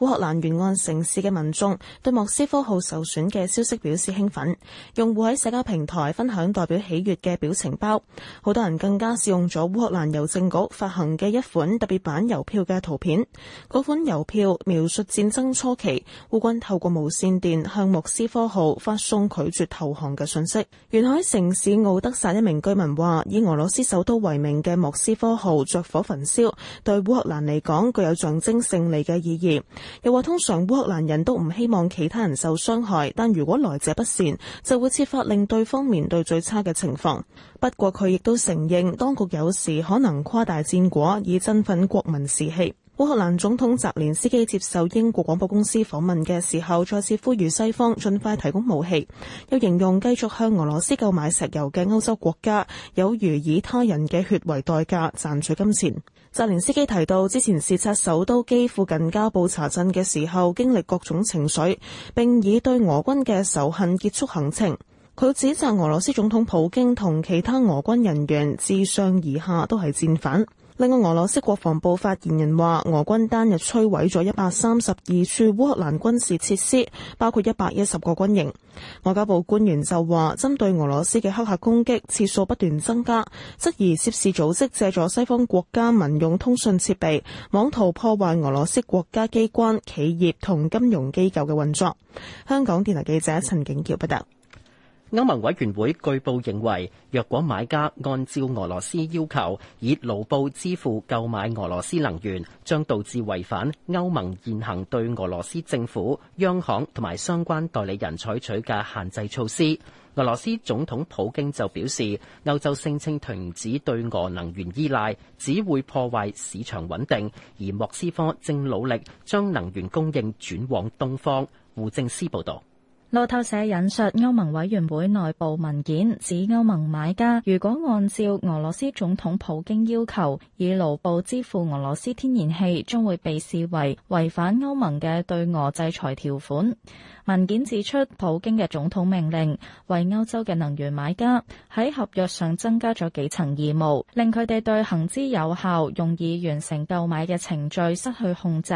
烏克蘭沿岸城市嘅民眾對莫斯科號受損嘅消息表示興奮，用戶喺社交平台分享代表喜悅嘅表情包。好多人更加試用咗烏克蘭郵政局發行嘅一款特別版郵票嘅圖片。嗰款郵票描述戰爭初期，烏軍透過無線電向莫斯科號發送拒絕投降嘅信息。沿海城市奧德薩一名居民話，以俄羅斯首都為名嘅莫斯科號着火焚燒，對烏克蘭嚟講具有象徵勝利嘅意義。又話通常烏克蘭人都唔希望其他人受傷害，但如果來者不善，就會設法令對方面，面對最差嘅情況。不過佢亦都承認，當局有時可能誇大戰果，以振奮國民士氣。烏克蘭總統澤連斯基接受英國廣播公司訪問嘅時候，再次呼籲西方盡快提供武器，又形容繼續向俄羅斯購買石油嘅歐洲國家有如以他人嘅血為代價賺取金錢。澤連斯基提到，之前視察首都基輔近郊布查鎮嘅時候，經歷各種情緒，並以對俄軍嘅仇恨結束行程。佢指責俄羅斯總統普京同其他俄軍人員自上而下都係戰犯。另外，俄羅斯國防部發言人話，俄軍單日摧毀咗一百三十二處烏克蘭軍事設施，包括一百一十個軍營。外交部官員就話，針對俄羅斯嘅黑客攻擊次數不斷增加，質疑涉事組織借咗西方國家民用通訊設備，妄圖破壞俄羅斯國家機關、企業同金融機構嘅運作。香港電台記者陳景喬報道。歐盟委員會據報認為，若果買家按照俄羅斯要求以盧布支付購買俄羅斯能源，將導致違反歐盟現行對俄羅斯政府、央行同埋相關代理人採取嘅限制措施。俄羅斯總統普京就表示，歐洲聲稱停止對俄能源依賴，只會破壞市場穩定，而莫斯科正努力將能源供應轉往東方。胡政思報道。路透社引述歐盟委員會內部文件指，歐盟買家如果按照俄羅斯總統普京要求以盧布支付俄羅斯天然氣，將會被視為違反歐盟嘅對俄制裁條款。文件指出，普京嘅總統命令為歐洲嘅能源買家喺合約上增加咗幾層義務，令佢哋對行之有效、容易完成購買嘅程序失去控制。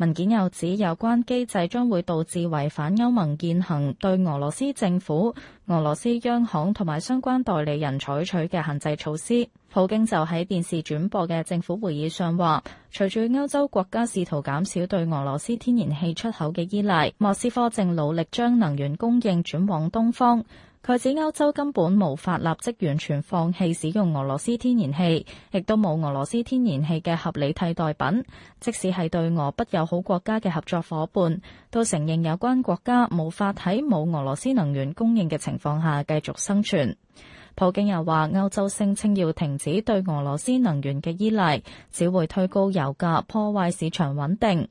文件又指，有關機制將會導致違反歐盟現行對俄羅斯政府、俄羅斯央行同埋相關代理人採取嘅限制措施。普京就喺電視轉播嘅政府會議上話，隨住歐洲國家試圖減少對俄羅斯天然氣出口嘅依賴，莫斯科正努力將能源供應轉往東方。佢指歐洲根本無法立即完全放棄使用俄羅斯天然氣，亦都冇俄羅斯天然氣嘅合理替代品。即使係對俄不友好國家嘅合作夥伴，都承認有關國家無法喺冇俄羅斯能源供應嘅情況下繼續生存。普京又話，歐洲聲稱要停止對俄羅斯能源嘅依賴，只會推高油價，破壞市場穩定，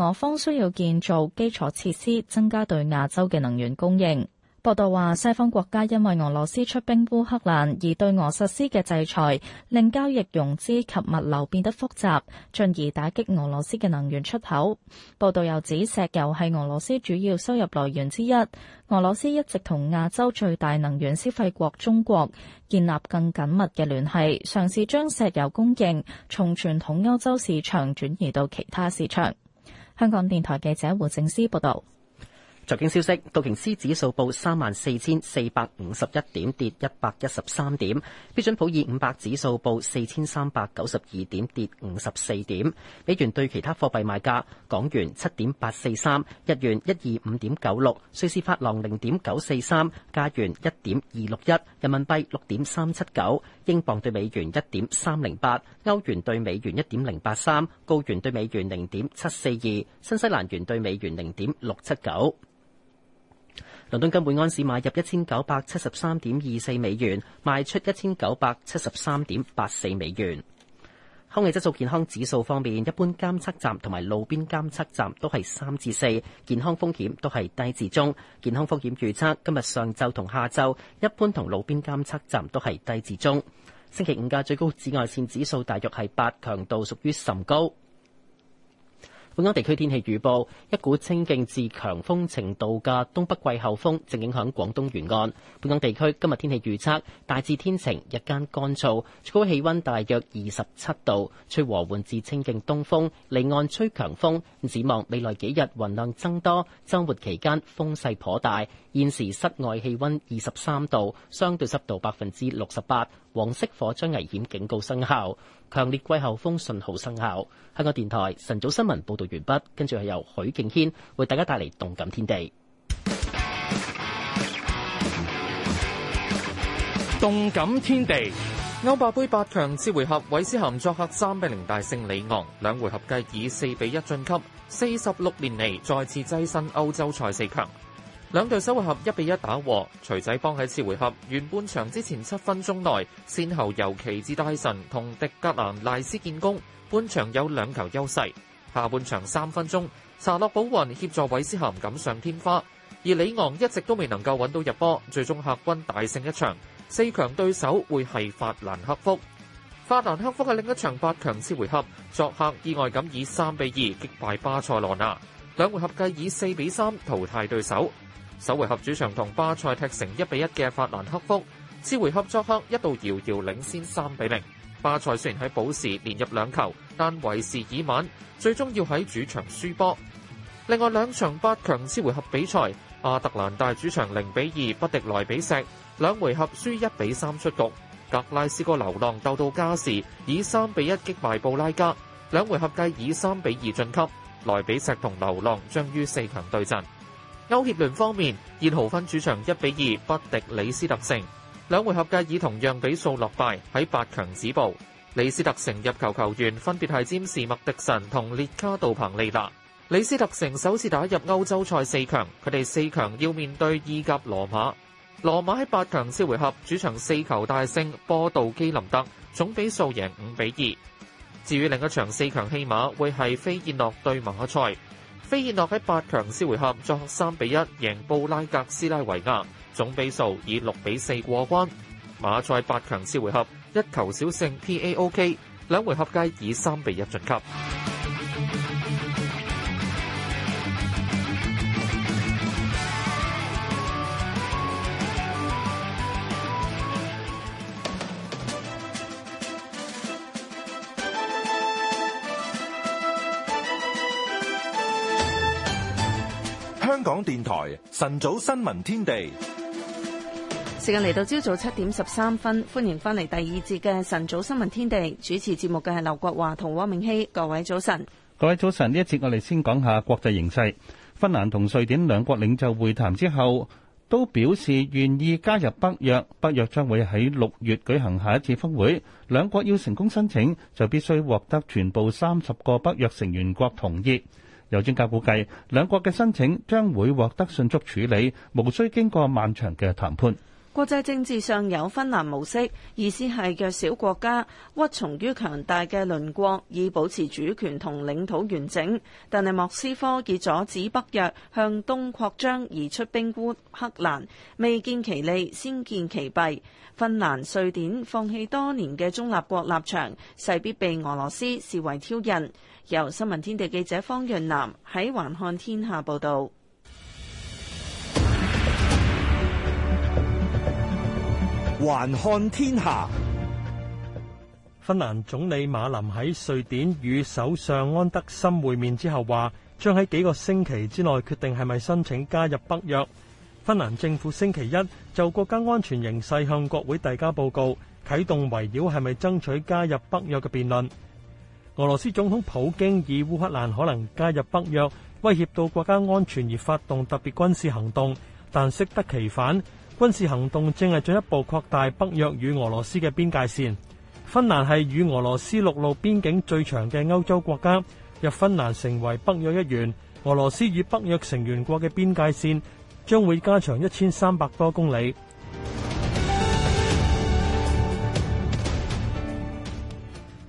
而俄方需要建造基礎設施，增加對亞洲嘅能源供應。報道話，西方國家因為俄羅斯出兵烏克蘭而對俄實施嘅制裁，令交易融資及物流變得複雜，進而打擊俄羅斯嘅能源出口。報道又指，石油係俄羅斯主要收入來源之一。俄羅斯一直同亞洲最大能源消費國中國建立更緊密嘅聯繫，嘗試將石油供應從傳統歐洲市場轉移到其他市場。香港電台記者胡正思報道。財經消息：道瓊斯指數報三萬四千四百五十一點，跌一百一十三點，標準普爾五百指數報四千三百九十二點，跌五十四點。美元兌其他貨幣賣價，港元七點八四三，日元一二五點九六，瑞士法郎零點九四三，加元一點二六一，人民幣六點三七九，英鎊兌美元一點三零八，歐元兌美元一點零八三，高元兌美元零點七四二，新西蘭元兌美元零點六七九。倫敦金每安士買入一千九百七十三點二四美元，賣出一千九百七十三點八四美元。空氣質素健康指數方面，一般監測站同埋路邊監測站都係三至四，健康風險都係低至中。健康風險預測今日上晝同下晝，一般同路邊監測站都係低至中。星期五嘅最高紫外線指數大約係八，強度屬於甚高。本港地區天氣預報，一股清勁至強風程度嘅東北季候風正影響廣東沿岸。本港地區今日天氣預測大致天晴，日間乾燥，最高氣温大約二十七度，吹和緩至清勁東風，離岸吹強風。展望未來幾日雲量增多，周末期間風勢頗大。現時室外氣温二十三度，相對濕度百分之六十八，黃色火災危險警告生效。強烈季候風信號生效。香港電台晨早新聞報道完畢，跟住係由許敬軒為大家帶嚟動感天地。動感天地，歐霸杯八強次回合，韋斯咸作客三比零大勝里昂，兩回合計以四比一晉級，四十六年嚟再次躋身歐洲賽四強。兩隊首回合一比一打和，徐仔幫喺次回合完半場之前七分鐘內，先後由奇志大神同迪格蘭賴斯建功，半場有兩球優勢。下半場三分鐘，查洛保雲協助韋斯咸錦上添花，而李昂一直都未能夠揾到入波，最終客軍大勝一場。四強對手會係法蘭克福。法蘭克福嘅另一場八強次回合作客，意外咁以三比二擊敗巴塞羅那，兩回合計以四比三淘汰對手。首回合主場同巴塞踢成一比一嘅法蘭克福，次回合作客一度遙遙領先三比零。巴塞雖然喺補時連入兩球，但為時已晚，最終要喺主場輸波。另外兩場八強次回合比賽，亞特蘭大主場零比二不敵萊比錫，兩回合輸一比三出局。格拉斯哥流浪鬥到加時，以三比一擊敗布拉加，兩回合計以三比二晉級。萊比錫同流浪將於四強對陣。歐協聯方面，燕豪芬主場一比二不敵李斯特城，兩回合計以同樣比數落敗，喺八強止步。李斯特城入球球員分別係詹士麥迪神同列卡杜彭利拿。李斯特城首次打入歐洲賽四強，佢哋四強要面對意甲羅馬。羅馬喺八強次回合主場四球大勝波杜基林德，總比數贏五比二。至於另一場四強戲碼會係菲耶諾對馬賽。飛燕諾喺八強次回合作三比一贏布拉格斯拉維亞，總比數以六比四過關。馬賽八強次回合一球小勝 PAOK，兩回合皆以三比一晉級。香港電台晨早新聞天地，時間嚟到朝早七點十三分，歡迎翻嚟第二節嘅晨早新聞天地。主持節目嘅係劉國華同汪明熙，各位早晨，各位早晨。呢一節我哋先講下國際形勢。芬蘭同瑞典兩國領袖會談之後，都表示願意加入北約。北約將會喺六月舉行下一次峰會，兩國要成功申請就必須獲得全部三十個北約成員國同意。有專家估計，兩國嘅申請將會獲得迅速處理，無需經過漫長嘅談判。國際政治上有芬蘭模式，意思係弱小國家屈從於強大嘅鄰國，以保持主權同領土完整。但係莫斯科以阻止北約向東擴張而出兵烏克蘭，未見其利先見其弊。芬蘭、瑞典放棄多年嘅中立國立場，勢必被俄羅斯視為挑釁。由新聞天地記者方潤南喺環看天下報道。環看天下，芬蘭總理馬林喺瑞典與首相安德森會面之後，話將喺幾個星期之內決定係咪申請加入北約。芬蘭政府星期一就國家安全形勢向國會遞交報告，啟動圍繞係咪爭取加入北約嘅辯論。俄羅斯總統普京以烏克蘭可能加入北約，威脅到國家安全而發動特別軍事行動，但適得其反，軍事行動正係進一步擴大北約與俄羅斯嘅邊界線。芬蘭係與俄羅斯陸路邊境最長嘅歐洲國家，若芬蘭成為北約一員，俄羅斯與北約成員國嘅邊界線將會加長一千三百多公里。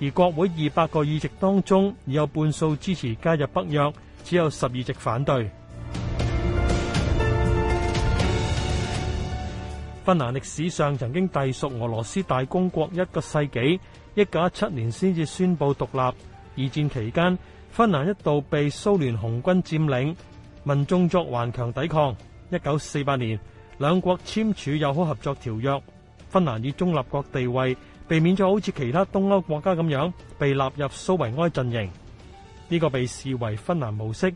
而國會二百個議席當中，已有半數支持加入北約，只有十二席反對。 芬蘭歷史上曾經隸屬俄羅斯大公國一個世紀，一九一七年先至宣布獨立。二戰期間，芬蘭一度被蘇聯紅軍佔領，民眾作頑強抵抗。一九四八年，兩國簽署友好合作條約，芬蘭以中立國地位，避免咗好似其他東歐國家咁樣被納入蘇維埃陣營，呢個被視為芬蘭模式，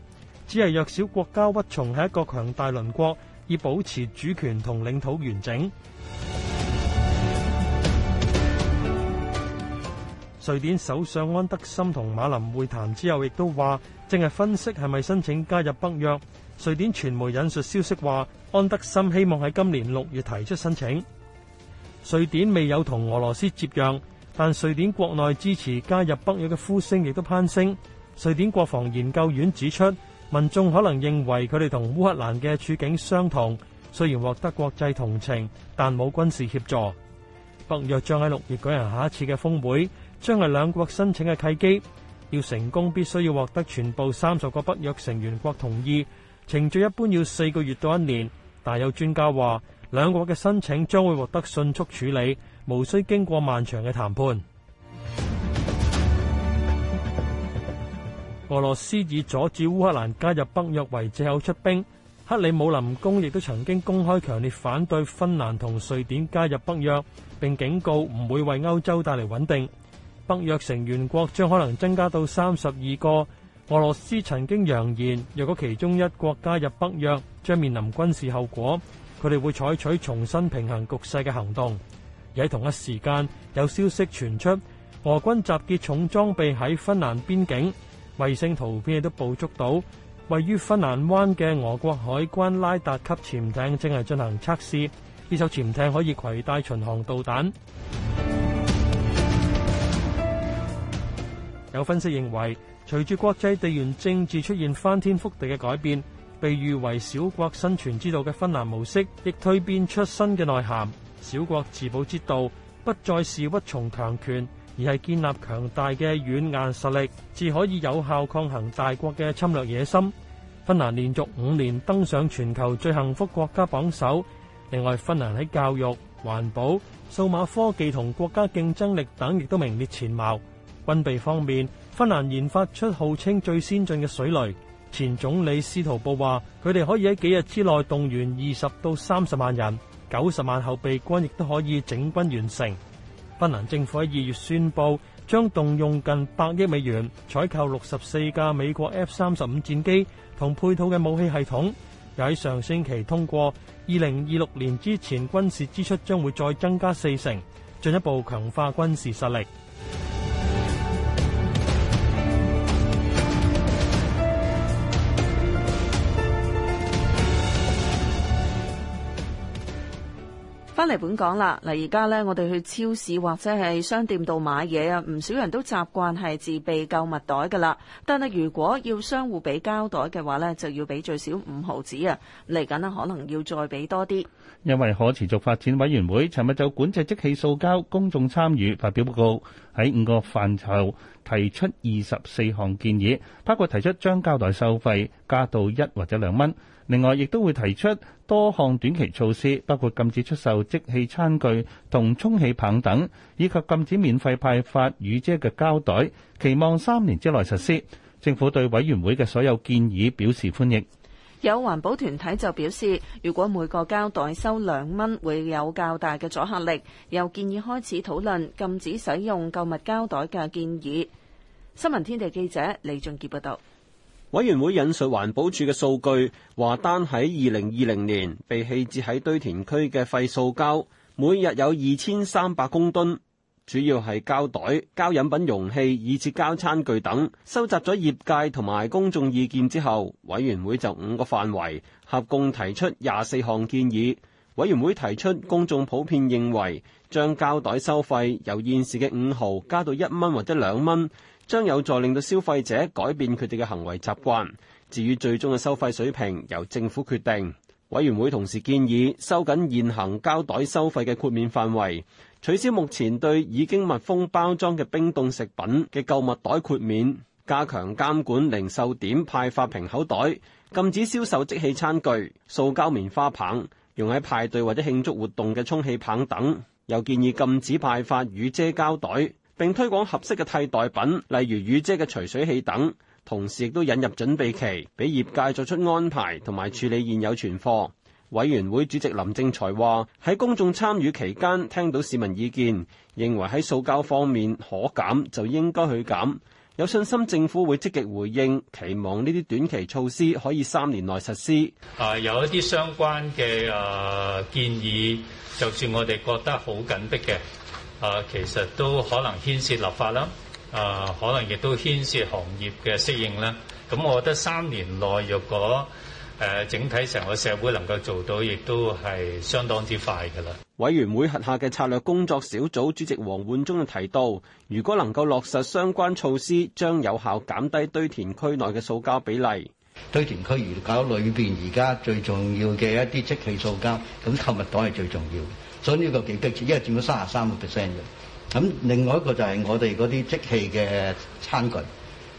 只係弱小國家屈從喺一個強大鄰國，以保持主權同領土完整。 瑞典首相安德森同馬林會談之後，亦都話正係分析係咪申請加入北約。瑞典傳媒引述消息話，安德森希望喺今年六月提出申請。瑞典未有同俄羅斯接壤，但瑞典國內支持加入北約嘅呼聲亦都攀升。瑞典國防研究院指出，民眾可能認為佢哋同烏克蘭嘅處境相同，雖然獲得國際同情，但冇軍事協助。北約將喺六月舉行下一次嘅峰會，將係兩國申請嘅契機。要成功必須要獲得全部三十個北約成員國同意，程序一般要四個月到一年。但有專家話，兩國嘅申請將會獲得迅速處理，無需經過漫長嘅談判。 俄羅斯以阻止烏克蘭加入北約為藉口出兵。克里姆林宮亦都曾經公開強烈反對芬蘭同瑞典加入北約，並警告唔會為歐洲帶嚟穩定。北約成員國將可能增加到三十二個。俄羅斯曾經揚言，若果其中一國加入北約，將面臨軍事後果。佢哋會採取重新平衡局勢嘅行動，而喺同一時間有消息傳出，俄軍集結重裝備喺芬蘭邊境，衛星圖片亦都捕捉到位於芬蘭灣嘅俄國海軍拉達級潛艇正係進行測試，呢艘潛艇可以攜帶巡航導彈。有分析認為，隨住國際地緣政治出現翻天覆地嘅改變。被譽為小國生存之道嘅芬蘭模式，亦蛻變出新嘅內涵。小國自保之道，不再是屈從強權，而係建立強大嘅軟硬實力，至可以有效抗衡大國嘅侵略野心。芬蘭連續五年登上全球最幸福國家榜首。另外，芬蘭喺教育、環保、數碼科技同國家競爭力等，亦都名列前茅。軍備方面，芬蘭研發出號稱最先進嘅水雷。前總理司徒布話，佢哋可以喺幾日之內動員二十到三十萬人，九十萬後備軍亦都可以整軍完成。芬蘭政府喺二月宣布，將動用近百億美元採購六十四架美國 F 三十五戰機同配套嘅武器系統，又喺上星期通過二零二六年之前軍事支出將會再增加四成，進一步強化軍事實力。翻嚟本港啦，嗱而家咧，我哋去超市或者係商店度買嘢啊，唔少人都習慣係自備購物袋噶啦。但係如果要商戶俾膠袋嘅話咧，就要俾最少五毫紙啊。嚟緊呢可能要再俾多啲。因為可持續發展委員會尋日就管制即棄塑膠公眾參與發表報告，喺五個範疇提出二十四項建議，包括提出將膠袋收費加到一或者兩蚊，另外亦都會提出，多項短期措施，包括禁止出售即棄餐具同充氣棒等，以及禁止免費派發雨遮嘅膠袋，期望三年之內實施。政府對委員會嘅所有建議表示歡迎。有環保團體就表示，如果每個膠袋收兩蚊，會有較大嘅阻嚇力，又建議開始討論禁止使用購物膠袋嘅建議。新聞天地記者李俊傑報道。委員會引述環保署嘅數據，話單喺二零二零年被棄置喺堆填區嘅廢塑膠，每日有二千三百公噸，主要係膠袋、膠飲品容器、以至膠餐具等。收集咗業界同埋公眾意見之後，委員會就五個範圍合共提出廿四項建議。委員會提出，公眾普遍認為將膠袋收費由現時嘅五毫加到一蚊或者兩蚊，將有助令到消費者改變佢哋嘅行為習慣。至於最終嘅收費水平，由政府決定。委員會同時建議收緊現行膠袋收費嘅豁免範圍，取消目前對已經密封包裝嘅冰凍食品嘅購物袋豁免，加強監管零售點派發瓶口袋，禁止銷售即棄餐具、塑膠棉花棒。用喺派對或者慶祝活動嘅充氣棒等，又建議禁止派發雨遮膠袋，並推廣合適嘅替代品，例如雨遮嘅除水器等。同時亦都引入準備期，俾業界作出安排同埋處理現有存貨。委員會主席林正財話：喺公眾參與期間聽到市民意見，認為喺塑膠方面可減，就應該去減。有信心政府會積極回應，期望呢啲短期措施可以三年內實施。誒，有一啲相關嘅誒建議，就算我哋覺得好緊迫嘅，誒其實都可能牽涉立法啦。誒，可能亦都牽涉行業嘅適應啦。咁我覺得三年內，若果誒，整體成個社會能夠做到，亦都係相當之快嘅啦。委員會轄下嘅策略工作小組主席黃煥忠就提到，如果能夠落實相關措施，將有效減低堆填區內嘅塑膠比例。堆填區而家裏邊而家最重要嘅一啲即棄塑膠，咁購物袋係最重要，所以呢個幾急切，因為佔咗三十三個 percent 嘅。咁另外一個就係我哋嗰啲即棄嘅餐具。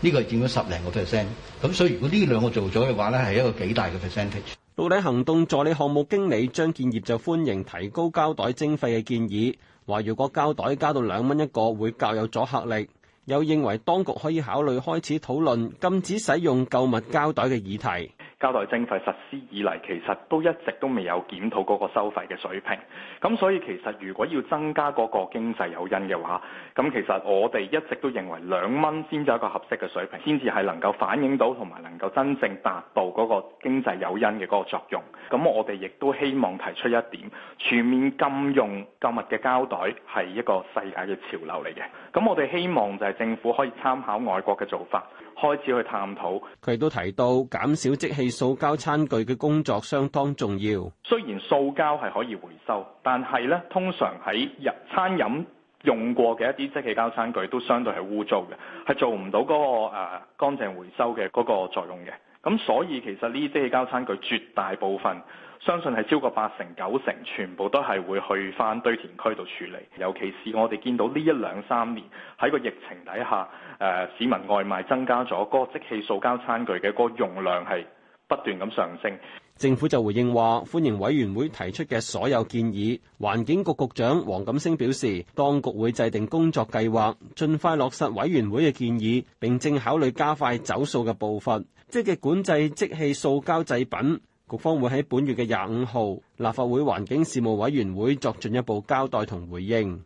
呢個係佔咗十零個 percent，咁所以如果呢兩個做咗嘅話咧，係一個幾大嘅 percentage。綠地行動助理項目經理張建業就歡迎提高膠袋徵費嘅建議，話如果膠袋加到兩蚊一個，會較有阻嚇力。又認為當局可以考慮開始討論禁止使用購物膠袋嘅議題。膠袋徵費實施以嚟，其實都一直都未有檢討嗰個收費嘅水平。咁所以其實如果要增加嗰個經濟誘因嘅話，咁其實我哋一直都認為兩蚊先至係一個合適嘅水平，先至係能夠反映到同埋能夠真正達到嗰個經濟誘因嘅嗰個作用。咁我哋亦都希望提出一點，全面禁用購物嘅膠袋係一個世界嘅潮流嚟嘅。咁我哋希望就係政府可以參考外國嘅做法，開始去探討。佢亦都提到減少即棄塑膠餐具嘅工作相當重要。雖然塑膠係可以回收，但係呢，通常喺日餐飲用過嘅一啲即棄膠餐具都相對係污糟嘅，係做唔到嗰、嗰個誒、呃、乾淨回收嘅嗰個作用嘅。咁所以其實呢啲即棄膠餐具絕大部分。相信係超過八成、九成，全部都係會去返堆填區度處理。尤其是我哋見到呢一兩三年喺個疫情底下，誒、呃、市民外賣增加咗，嗰、嗰個即棄塑膠餐具嘅嗰個用量係不斷咁上升。政府就回應話，歡迎委員會提出嘅所有建議。環境局局長黃錦星表示，當局會制定工作計劃，盡快落實委員會嘅建議，並正考慮加快走塑嘅步伐，積極管制即棄塑膠製品。局方會喺本月嘅廿五號立法會環境事務委員會作進一步交代同回應。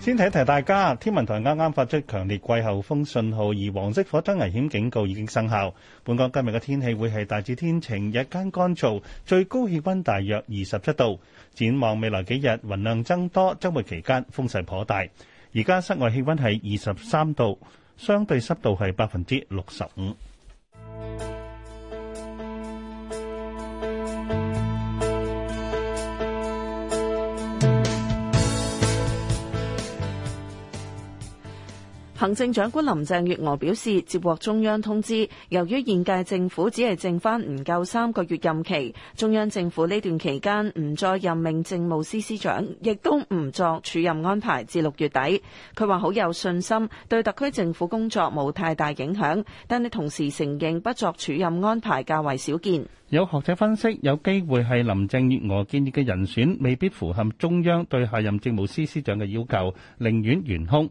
先提一提大家，天文台啱啱發出強烈季候風信號，而黃色火災危險警告已經生效。本港今日嘅天氣會係大致天晴，日間乾燥，最高氣温大約二十七度。展望未來幾日雲量增多，周末期間風勢頗大。而家室外氣温係二十三度，相對濕度係百分之六十五。行政長官林鄭月娥表示，接獲中央通知，由於現屆政府只係剩翻唔夠三個月任期，中央政府呢段期間唔再任命政務司司長，亦都唔作署任安排至六月底。佢話好有信心，對特區政府工作冇太大影響，但係同時承認不作署任安排較為少見。有學者分析，有機會係林鄭月娥建議嘅人選未必符合中央對下任政務司司長嘅要求，寧願懸空。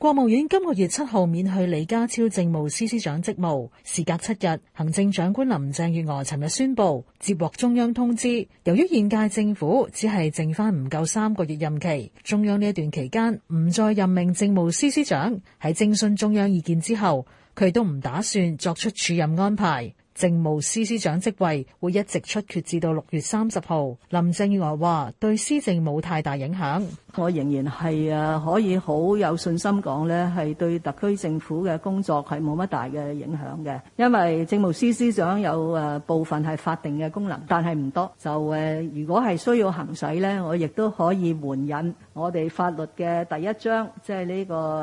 國務院今個月七號免去李家超政務司司長職務，時隔七日，行政長官林鄭月娥尋日宣布，接獲中央通知，由於現屆政府只係剩返唔夠三個月任期，中央呢一段期間唔再任命政務司司長，喺徵詢中央意見之後，佢都唔打算作出署任安排。政務司司長職位會一直出缺至到六月三十號，林鄭月娥話對施政冇太大影響，我仍然係誒可以好有信心講咧，係對特區政府嘅工作係冇乜大嘅影響嘅，因為政務司司長有誒部分係法定嘅功能，但係唔多，就誒如果係需要行使咧，我亦都可以援引我哋法律嘅第一章，即係呢個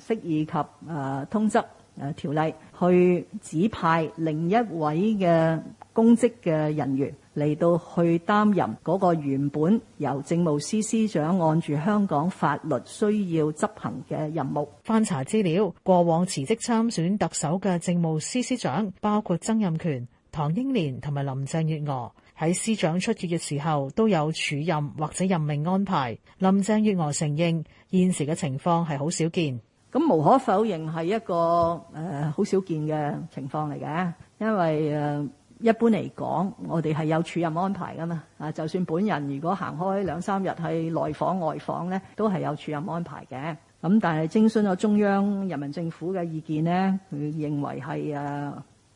誒釋義及誒通則。誒條例去指派另一位嘅公職嘅人員嚟到去擔任嗰個原本由政務司司長按住香港法律需要執行嘅任務。翻查資料，過往辭職參選特首嘅政務司司長包括曾蔭權、唐英年同埋林鄭月娥，喺司長出缺嘅時候都有署任或者任命安排。林鄭月娥承認現時嘅情況係好少見。咁無可否認係一個誒好，呃、少見嘅情況嚟嘅，因為誒，呃、一般嚟講，我哋係有署任安排㗎嘛啊，就算本人如果行開兩三日去內訪外訪咧，都係有署任安排嘅。咁，嗯、但係徵詢咗中央人民政府嘅意見咧，佢認為係誒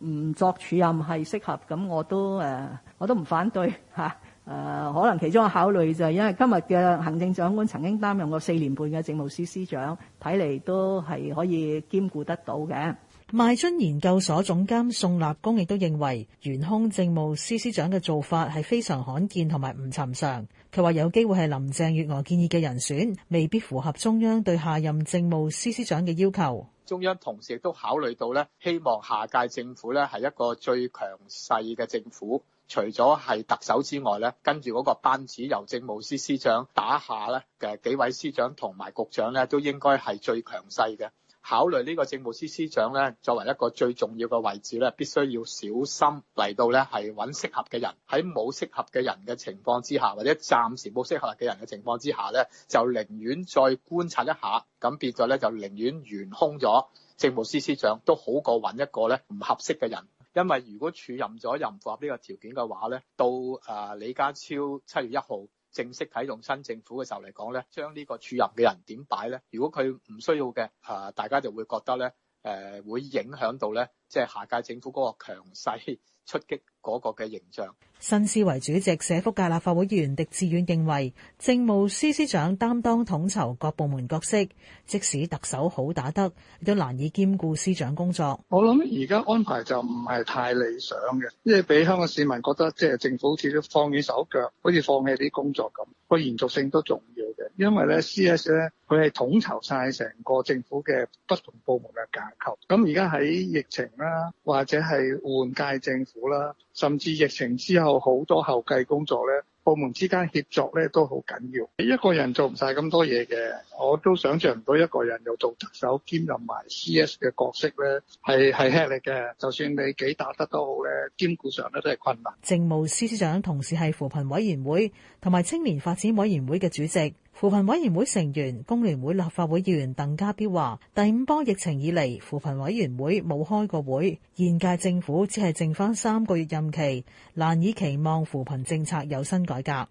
唔作署任係適合，咁我都誒，呃、我都唔反對嚇。啊。誒、呃，可能其中一個考慮就係因為今日嘅行政長官曾經擔任過四年半嘅政務司司長，睇嚟都係可以兼顧得到嘅。麥津研究所總監宋立功亦都認為，懸空政務司司長嘅做法係非常罕見同埋唔尋常。佢話有機會係林鄭月娥建議嘅人選，未必符合中央對下任政務司司長嘅要求。中央同時亦都考慮到呢，希望下屆政府呢係一個最強勢嘅政府。除咗係特首之外咧，跟住嗰個班子由政務司司長打下咧嘅幾位司長同埋局長咧，都應該係最強勢嘅。考慮呢個政務司司長咧，作為一個最重要嘅位置咧，必須要小心嚟到咧，係揾適合嘅人。喺冇適合嘅人嘅情況之下，或者暫時冇適合嘅人嘅情況之下咧，就寧願再觀察一下。咁變咗咧，就寧願懸空咗政務司司長，都好過揾一個咧唔合適嘅人。因為如果署任咗又唔符合呢個條件嘅話咧，到啊、呃、李家超七月一號正式啟動新政府嘅時候嚟講咧，將個處呢個署任嘅人點擺咧？如果佢唔需要嘅，啊、呃、大家就會覺得咧，誒、呃、會影響到咧，即、就、係、是、下屆政府嗰個強勢出擊。嗰個嘅形象，新思維主席社福界立法會議員狄志遠認為，政務司司長擔當統籌各部門角色，即使特首好打得，亦都難以兼顧司長工作。我諗而家安排就唔係太理想嘅，即係俾香港市民覺得，即係政府好似放軟手腳，好似放棄啲工作咁。個延續性都重要嘅，因為咧，C S 咧佢係統籌晒成個政府嘅不同部門嘅架構。咁而家喺疫情啦，或者係換屆政府啦。甚至疫情之後，好多後繼工作咧，部門之間協作咧都好緊要。一個人做唔晒咁多嘢嘅，我都想像唔到一個人又做特首兼任埋 CS 嘅角色咧，係係吃力嘅。就算你幾打得都好咧，兼顧上咧都係困難。政務司司長同時係扶貧委員會同埋青年發展委員會嘅主席。扶貧委員會成員工聯會立法會議員鄧家彪話：第五波疫情以嚟，扶貧委員會冇開過會，現屆政府只係剩翻三個月任期，難以期望扶貧政策有新改革。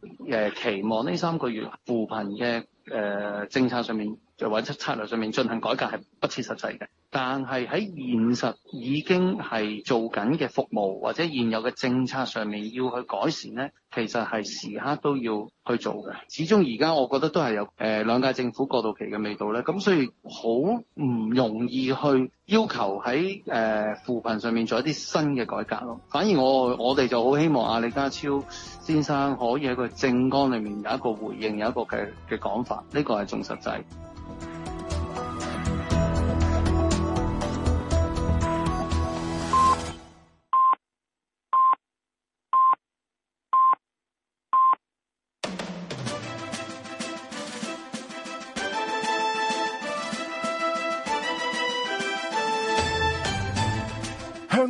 期望呢三個月扶貧嘅政策上面或者策略上面進行改革係不切實際嘅，但係喺現實已經係做緊嘅服務或者現有嘅政策上面要去改善呢。其實係時刻都要去做嘅，始終而家我覺得都係有誒、呃、兩屆政府過渡期嘅味道咧，咁所以好唔容易去要求喺誒、呃、扶貧上面做一啲新嘅改革咯。反而我我哋就好希望阿李家超先生可以喺個政綱裡面有一個回應，有一個嘅嘅講法，呢、這個係仲實際。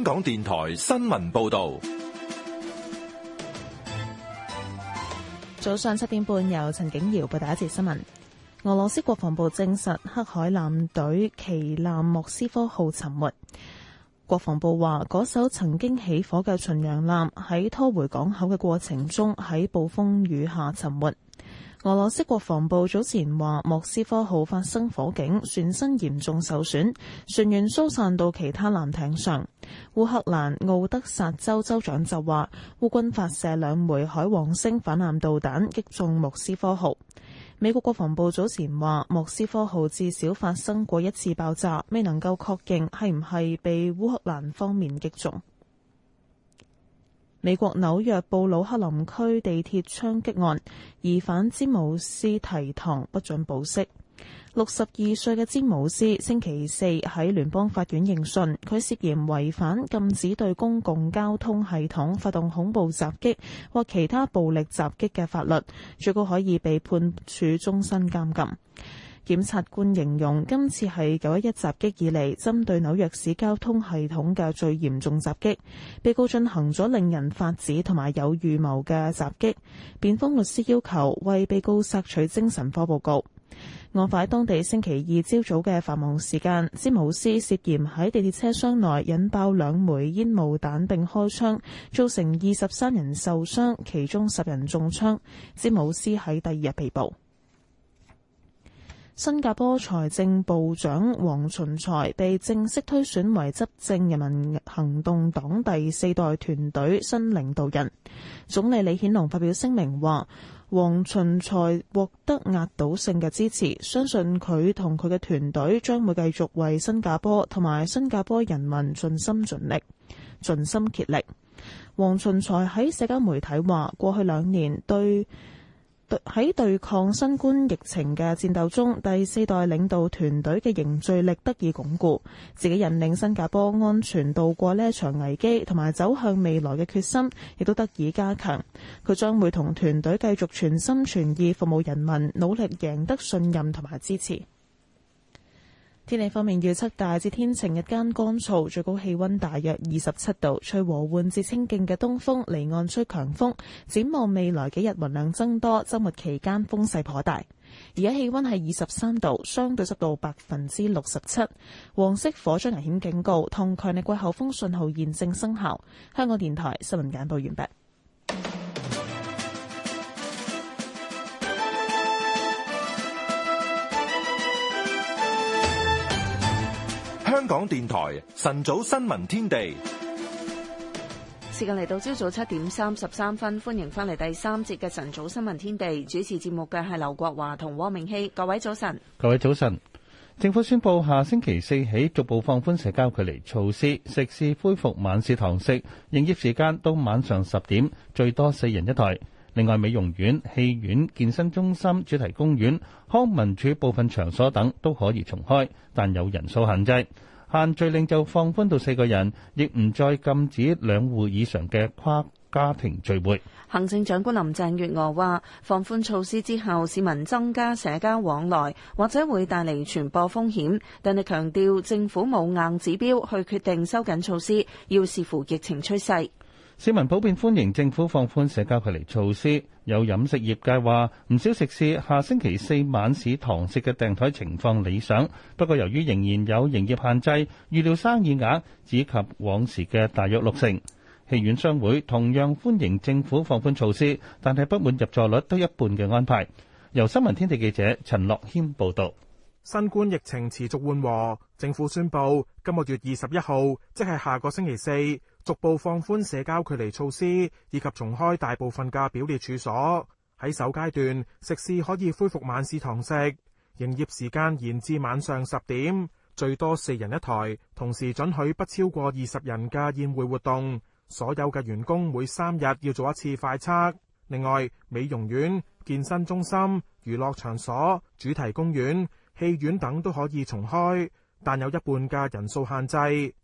香港電台新聞報道，早上七點半由陳景堯報道第一節新聞。俄羅斯國防部證實黑海艦隊旗艦莫斯科號沉沒。國防部話，嗰艘曾經起火嘅巡洋艦喺拖回港口嘅過程中，喺暴風雨下沉沒。俄羅斯國防部早前話，莫斯科號發生火警，船身嚴重受損，船員疏散到其他艦艇上。烏克蘭敖德薩州州長就話，烏軍發射兩枚海王星反艦導彈擊中莫斯科號。美國國防部早前話，莫斯科號至少發生過一次爆炸，未能夠確認係唔係被烏克蘭方面擊中。美國紐約布魯克林區地鐵槍擊案疑犯詹姆斯提堂不准保釋。六十二歲嘅詹姆斯星期四喺聯邦法院應訊，佢涉嫌違反禁止對公共交通系統發動恐怖襲擊或其他暴力襲擊嘅法律，最高可以被判處終身監禁。檢察官形容今次係九一一襲擊以嚟針對紐約市交通系統嘅最嚴重襲擊，被告進行咗令人髮指同埋有預謀嘅襲擊。辯方律師要求為被告索取精神科報告。案發喺當地星期二朝早嘅繁忙時間，詹姆斯涉嫌喺地鐵車廂內引爆兩枚煙霧彈並開槍，造成二十三人受傷，其中十人中槍。詹姆斯喺第二日被捕。新加坡財政部長黃循財被正式推選為執政人民行動黨第四代團隊新領導人。總理李顯龍發表聲明話：黃循財獲得壓倒性嘅支持，相信佢同佢嘅團隊將會繼續為新加坡同埋新加坡人民盡心盡力、盡心竭力。黃循財喺社交媒體話：過去兩年對喺對抗新冠疫情嘅戰鬥中，第四代領導團隊嘅凝聚力得以鞏固，自己引領新加坡安全度過呢一場危機同埋走向未來嘅決心，亦都得以加強。佢將會同團隊繼續全心全意服務人民，努力贏得信任同埋支持。天氣方面預測大致天晴，日間乾燥，最高氣溫大約二十七度，吹和緩至清勁嘅東風，離岸吹強風。展望未來幾日雲量增多，周末期間風勢頗大。而家氣溫係二十三度，相對濕度百分之六十七，黃色火災危險警告同強烈季候風信號現正生效。香港電台新聞簡報完畢。香港電台晨早新聞天地，時間嚟到朝早七點三十三分，歡迎翻嚟第三節嘅晨早新聞天地。主持節目嘅係劉國華同汪明熙，各位早晨，各位早晨。政府宣布，下星期四起逐步放寬社交距離措施，食肆恢復晚市堂食，營業時間到晚上十點，最多四人一台。另外，美容院、戲院、健身中心、主題公園、康文署部分場所等都可以重開，但有人數限制。限聚令就放寬到四個人，亦唔再禁止兩戶以上嘅跨家庭聚會。行政長官林鄭月娥話，放寬措施之後，市民增加社交往來，或者會帶嚟傳播風險，但係強調政府冇硬指標去決定收緊措施，要視乎疫情趨勢。市民普遍歡迎政府放寬社交距離措施，有飲食業界話：唔少食肆下星期四晚市堂食嘅訂台情況理想。不過，由於仍然有營業限制，預料生意額只及往時嘅大約六成。戲院商會同樣歡迎政府放寬措施，但係不滿入座率得一半嘅安排。由新聞天地記者陳樂軒報導。新冠疫情持續緩和，政府宣布今個月二十一號，即係下個星期四，逐步放寬社交距離措施，以及重開大部分嘅表列處所。喺首階段，食肆可以恢復晚市堂食，營業時間延至晚上十點，最多四人一台，同時准許不超過二十人嘅宴會活動。所有嘅員工每三日要做一次快測。另外，美容院、健身中心、娛樂場所、主題公園、戲院等都可以重開。但有一半嘅人數限制，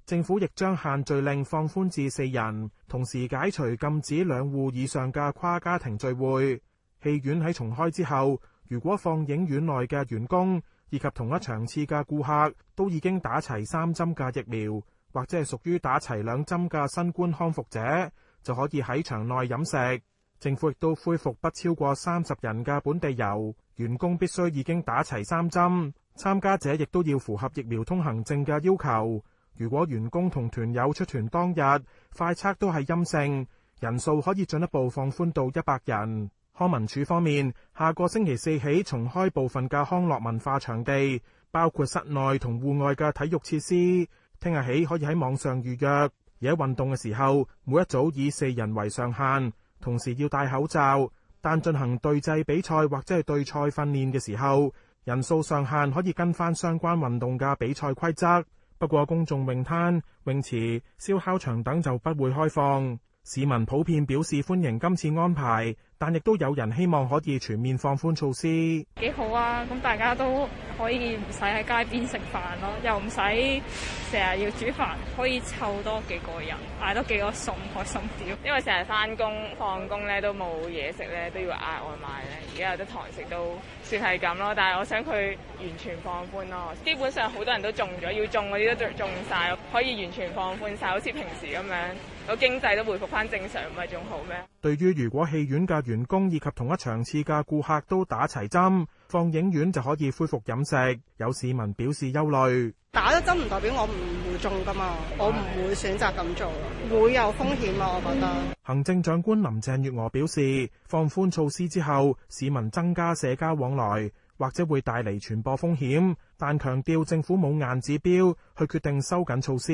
政府亦將限聚令放寬至四人，同時解除禁止兩戶以上嘅跨家庭聚會。戲院喺重開之後，如果放映院內嘅員工以及同一場次嘅顧客都已經打齊三針嘅疫苗，或者係屬於打齊兩針嘅新冠康復者，就可以喺場內飲食。政府亦都恢復不超過三十人嘅本地遊，員工必須已經打齊三針。參加者亦都要符合疫苗通行證嘅要求。如果員工同團友出團當日快測都係陰性，人數可以進一步放寬到一百人。康文署方面，下個星期四起重開部分嘅康樂文化場地，包括室內同戶外嘅體育設施。聽日起可以喺網上預約，而喺運動嘅時候，每一組以四人為上限，同時要戴口罩。但進行對制比賽或者係對賽訓練嘅時候，人數上限可以跟翻相關運動嘅比賽規則，不過公眾泳灘、泳池、燒烤場等就不會開放。市民普遍表示歡迎今次安排，但亦都有人希望可以全面放寬措施。幾好啊！咁大家都可以唔使喺街邊食飯咯，又唔使成日要煮飯，可以湊多幾個人，嗌多幾個餸，開心啲咯。因為成日翻工、放工咧都冇嘢食咧，都要嗌外賣咧。而家有啲堂食都算係咁咯。但係我想佢完全放寬咯，基本上好多人都中咗，要中嗰啲都中晒，可以完全放寬晒，好似平時咁樣。個經濟都回復返正常，唔係仲好咩？對於如果戲院嘅員工以及同一場次嘅顧客都打齊針，放映院就可以恢復飲食。有市民表示憂慮，打咗針唔代表我唔會中㗎嘛，的我唔會選擇咁做，會有風險啊！我覺得。行政長官林鄭月娥表示，放寬措施之後，市民增加社交往來。或者會帶嚟傳播風險，但強調政府冇硬指標去決定收緊措施。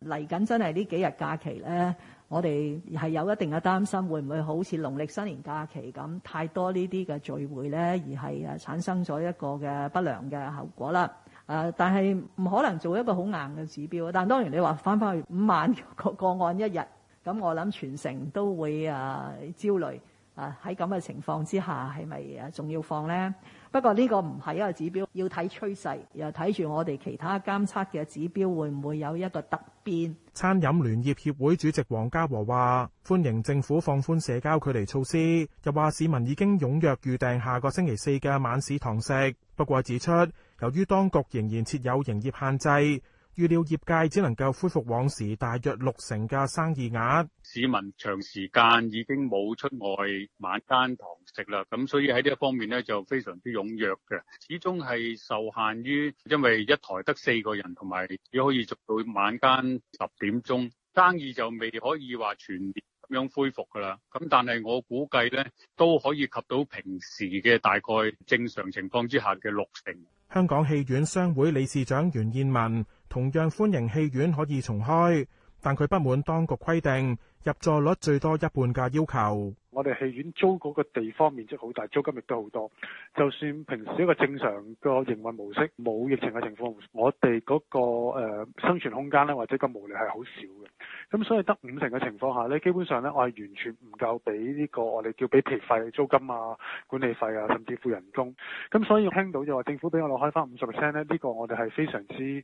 嚟緊真係呢幾日假期咧，我哋係有一定嘅擔心，會唔會好似農曆新年假期咁太多呢啲嘅聚會咧，而係啊產生咗一個嘅不良嘅後果啦？啊，但係唔可能做一個好硬嘅指標。但當然你話返返去五萬個個案一日咁，我諗全城都會啊焦慮啊。喺咁嘅情況之下，係咪啊仲要放咧？不過呢個唔係一個指標，要睇趨勢，又睇住我哋其他監測嘅指標會唔會有一個突變。餐飲聯業協會主席黃家和話：歡迎政府放寬社交距離措施，又話市民已經踴躍預訂下個星期四嘅晚市堂食。不過指出，由於當局仍然設有營業限制。預料業界只能夠恢復往時大約六成嘅生意額。市民長時間已經冇出外晚間堂食啦，咁所以喺呢一方面咧，就非常之踴躍嘅。始終係受限於，因為一台得四個人，同埋只可以做到晚間十點鐘，生意就未可以話全面咁樣恢復噶啦。咁但係我估計咧都可以及到平時嘅大概正常情況之下嘅六成。香港戲院商會理事長袁燕文同樣歡迎戲院可以重開，但佢不滿當局規定入座率最多一半嘅要求。我哋戲院租嗰個地方面積好大，租金亦都好多。就算平時一個正常個營運模式，冇疫情嘅情況，我哋嗰個，呃，生存空間咧，或者個毛利係好少嘅。咁所以得五成嘅情況下呢，基本上呢，我係完全唔夠俾呢個我哋叫俾皮費、租金啊、管理費啊，甚至乎人工。咁所以聽到就話政府俾我哋開翻五十 percent 呢，呢個我哋係非常之誒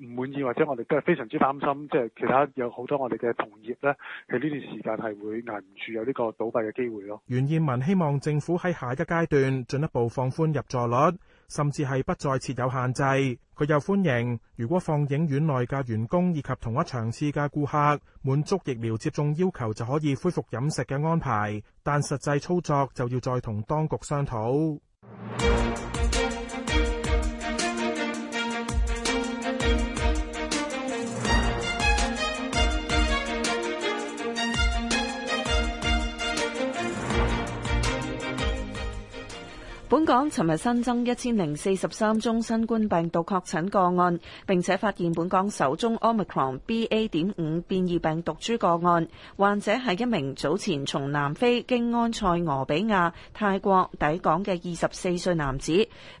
唔滿意，或者我哋都係非常之擔心，即係其他有好多我哋嘅同業呢，喺呢段時間係會捱唔住有呢個倒閉嘅機會咯。袁燕文希望政府喺下一階段進一步放寬入座率。甚至係不再設有限制，佢又歡迎，如果放影院內嘅員工以及同一場次嘅顧客滿足疫苗接種要求，就可以恢復飲食嘅安排，但實際操作就要再同當局商討。本港尋日新增一千零四十三宗新冠病毒確診個案，並且發現本港首宗 Omicron BA. 點五變異病毒株個案。患者係一名早前從南非經埃塞俄比亞、泰國抵港嘅二十四歲男子。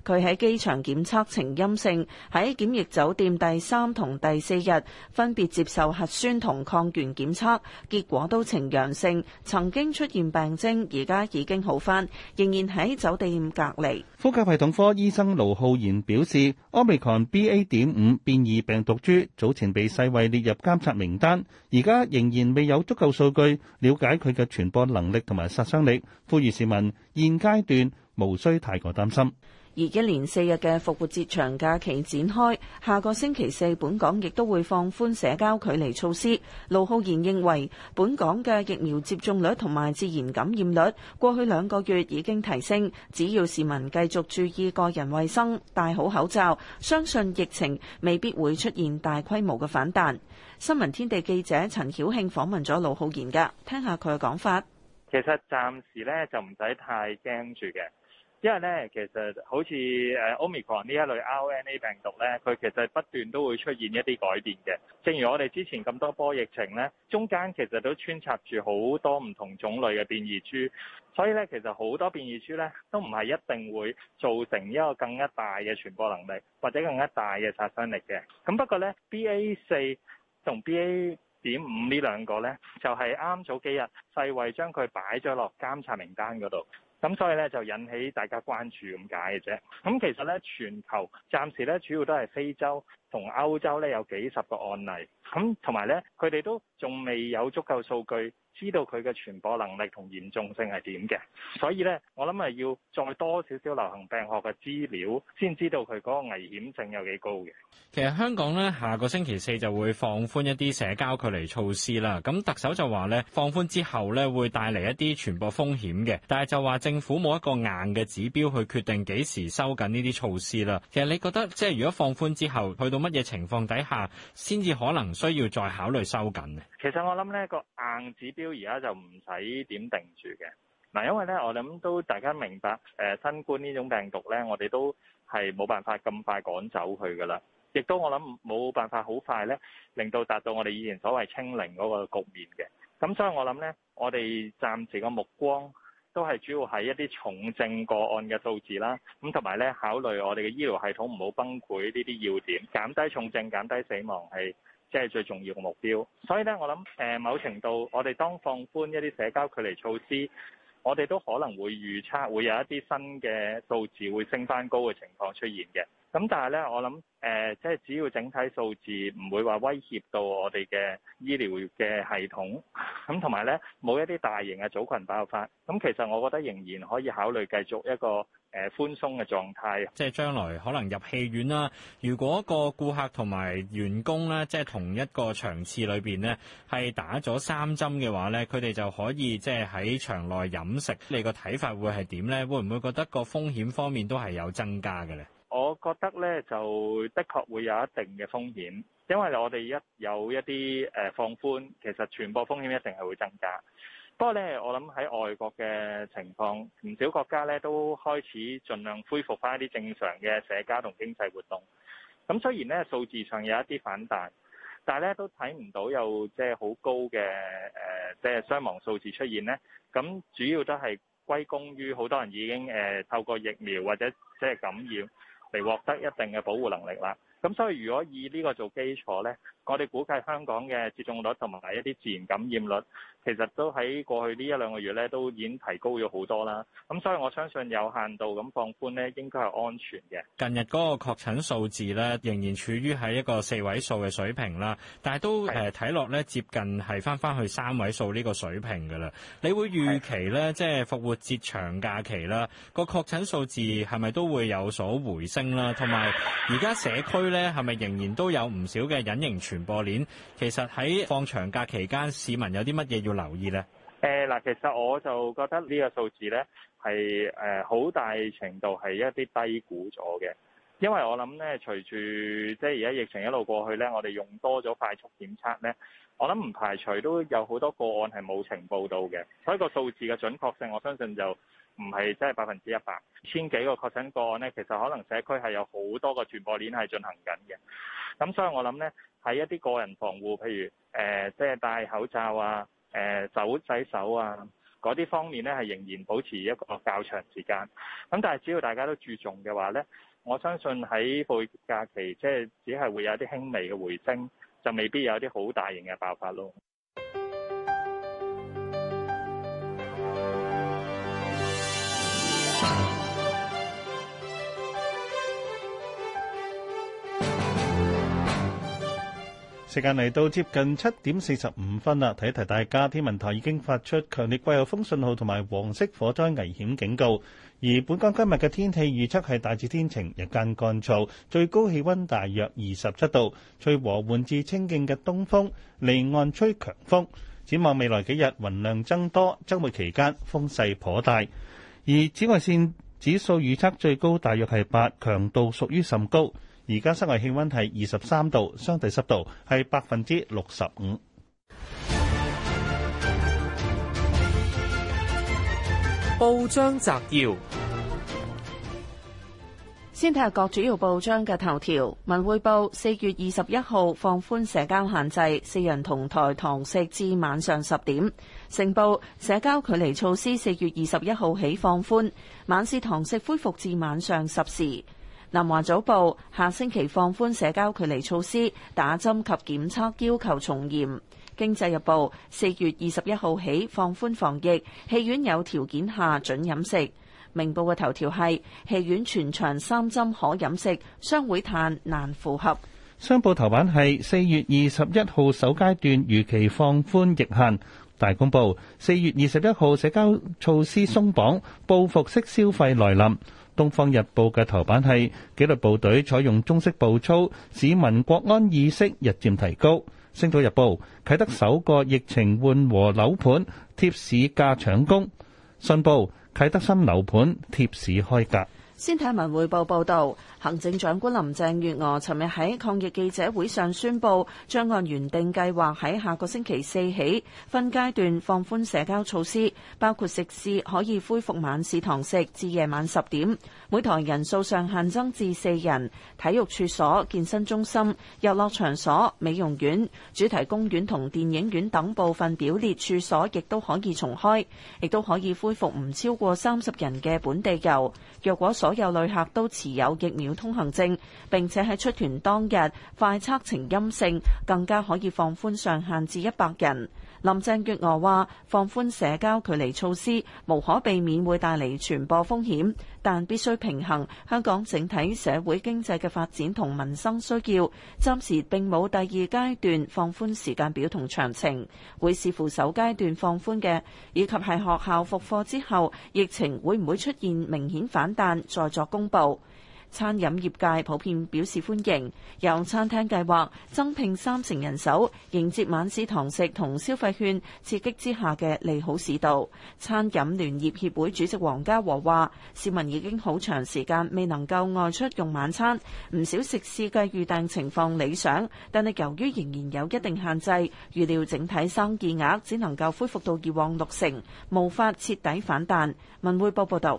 佢喺機場檢測呈陰性，喺檢疫酒店第三同第四日分別接受核酸同抗原檢測，結果都呈陽性。曾經出現病徵，而家已經好返，仍然喺酒店隔離。呼吸系統科醫生盧浩然表示，奧密克戎 BA.5 變異病毒株早前被世衛列入監測名單，而家仍然未有足夠數據了解佢嘅傳播能力同埋殺傷力，呼籲市民現階段無需太過擔心。而一連四日嘅復活節長假期展開，下個星期四本港亦都會放寬社交距離措施。盧浩然認為，本港嘅疫苗接種率同埋自然感染率過去兩個月已經提升，只要市民繼續注意個人衛生、戴好口罩，相信疫情未必會出現大規模嘅反彈。新聞天地記者陳曉慶訪問咗盧浩然噶，聽下佢嘅講法。其實暫時咧就唔使太驚住嘅。因為咧，其實好似誒 Omicron 呢一類 RNA 病毒咧，佢其實不斷都會出現一啲改變嘅。正如我哋之前咁多波疫情咧，中間其實都穿插住好多唔同種類嘅變異株，所以咧其實好多變異株咧都唔係一定會造成一個更加大嘅傳播能力或者更加大嘅殺傷力嘅。咁不過咧，BA 四同 BA 點五呢兩個咧，就係啱早幾日世衛將佢擺咗落監察名單嗰度。咁所以咧就引起大家關注咁解嘅啫。咁、嗯、其實咧全球暫時咧主要都係非洲同歐洲咧有幾十個案例。咁同埋咧佢哋都仲未有足夠數據，知道佢嘅傳播能力同嚴重性係點嘅，所以咧，我諗係要再多少少流行病學嘅資料，先知道佢嗰個危險性有幾高嘅。其實香港咧，下個星期四就會放寬一啲社交距離措施啦。咁特首就話咧，放寬之後咧會帶嚟一啲傳播風險嘅，但係就話政府冇一個硬嘅指標去決定幾時收緊呢啲措施啦。其實你覺得即係如果放寬之後，去到乜嘢情況底下，先至可能需要再考慮收緊咧？其實我諗咧，個硬指標。而家就唔使點定住嘅嗱，因為咧我諗都大家明白，誒、呃、新冠呢種病毒咧，我哋都係冇辦法咁快趕走佢噶啦，亦都我諗冇辦法好快咧，令到達到我哋以前所謂清零嗰個局面嘅。咁所以我諗咧，我哋暫時個目光都係主要係一啲重症個案嘅數字啦，咁同埋咧考慮我哋嘅醫療系統唔好崩潰呢啲要點，減低重症、減低死亡係，即係最重要嘅目標，所以咧，我諗誒、呃、某程度，我哋當放寬一啲社交距離措施，我哋都可能會預測會有一啲新嘅數字會升返高嘅情況出現嘅。咁但係咧，我諗誒、呃，即係只要整體數字唔會話威脅到我哋嘅醫療嘅系統，咁同埋咧冇一啲大型嘅組群爆發，咁其實我覺得仍然可以考慮繼續一個。誒、呃、寬鬆嘅狀態，即係將來可能入戲院啦、啊。如果個顧客同埋員工咧，即係同一個場次裏邊咧，係打咗三針嘅話咧，佢哋就可以即係喺場內飲食。你個睇法會係點咧？會唔會覺得個風險方面都係有增加嘅咧？我覺得咧，就的確會有一定嘅風險，因為我哋一有一啲誒放寬，其實傳播風險一定係會增加。不過咧，我諗喺外國嘅情況，唔少國家咧都開始盡量恢復返一啲正常嘅社交同經濟活動。咁雖然咧數字上有一啲反彈，但係咧都睇唔到有即係好高嘅誒，即係、呃、傷亡數字出現咧。咁主要都係歸功於好多人已經誒、呃、透過疫苗或者即係感染嚟獲得一定嘅保護能力啦。咁所以如果以呢個做基礎咧，我哋估計香港嘅接種率同埋一啲自然感染率，其實都喺過去呢一兩個月咧都已經提高咗好多啦。咁所以我相信有限度咁放寬咧，應該係安全嘅。近日嗰個確診數字咧，仍然處於喺一個四位數嘅水平啦，但係都誒睇落咧接近係返返去三位數呢個水平㗎啦。你會預期咧，的即係復活節長假期啦，個確診數字係咪都會有所回升啦？同埋而家社區咧係咪仍然都有唔少嘅隱形傳傳播鏈其實喺放長假期間，市民有啲乜嘢要留意呢？誒，嗱，其實我就覺得呢個數字呢係誒好大程度係一啲低估咗嘅，因為我諗呢隨住即係而家疫情一路過去呢，我哋用多咗快速檢測呢，我諗唔排除都有好多個案係冇呈報到嘅，所以個數字嘅準確性，我相信就。唔係真係百分之一百，千幾個確診個案呢，其實可能社區係有好多個傳播鏈係進行緊嘅。咁所以我諗呢，喺一啲個人防護，譬如誒、呃，即係戴口罩啊、誒、呃、手洗手啊嗰啲方面呢，係仍然保持一個較長時間。咁但係只要大家都注重嘅話呢，我相信喺個假期即係只係會有啲輕微嘅回升，就未必有啲好大型嘅爆發咯。時間嚟到接近七點四十五分啦，提一提大家，天文台已經發出強烈季候風信號同埋黃色火災危險警告。而本港今日嘅天氣預測係大致天晴，日間乾燥，最高氣温大約二十七度，吹和緩至清勁嘅東風，離岸吹強風。展望未來幾日雲量增多，周末期間風勢頗大，而紫外線指數預測最高大約係八，強度屬於甚高。而家室外氣温係二十三度，相對濕度係百分之六十五。報章摘要：先睇下各主要報章嘅頭條。《文匯報》四月二十一號放寬社交限制，四人同台堂食至晚上十點。《成報》社交距離措施四月二十一號起放寬，晚市堂食恢復至晚上十時。南華早報下星期放寬社交距離措施，打針及檢測要求從嚴。經濟日報四月二十一號起放寬防疫，戲院有條件下准飲食。明報嘅頭條係戲院全場三針可飲食，商會嘆難符合。商報頭版係四月二十一號首階段預期放寬疫限。大公報四月二十一號社交措施鬆綁，報復式消費來臨。《東方日報》嘅頭版係紀律部隊採用中式步操，市民國安意識日漸提高。《星島日報》啟德首個疫情緩和樓盤貼市價搶攻，《信報》啟德新樓盤貼市開價。先睇文匯報報道，行政長官林鄭月娥尋日喺抗疫記者會上宣布，將按原定計劃喺下個星期四起分階段放寬社交措施，包括食肆可以恢復晚市堂食至夜晚十點，每台人數上限增至四人；體育處所、健身中心、遊樂場所、美容院、主題公園同電影院等部分表列處所亦都可以重開，亦都可以恢復唔超過三十人嘅本地遊。若果，所有旅客都持有疫苗通行證，並且喺出團當日快測呈陰性，更加可以放寬上限至一百人。林鄭月娥話：放寬社交距離措施無可避免會帶嚟傳播風險，但必須平衡香港整體社會經濟嘅發展同民生需要。暫時並冇第二階段放寬時間表同詳情，會視乎首階段放寬嘅，以及係學校復課之後疫情會唔會出現明顯反彈，再作公佈。餐飲業界普遍表示歡迎，有餐廳計劃增聘三成人手，迎接晚市堂食同消費券刺激之下嘅利好市道。餐飲聯業協會主席黃家和話：市民已經好長時間未能夠外出用晚餐，唔少食肆嘅預訂情況理想，但係由於仍然有一定限制，預料整體生意額只能夠恢復到以往六成，無法徹底反彈。文匯報報道。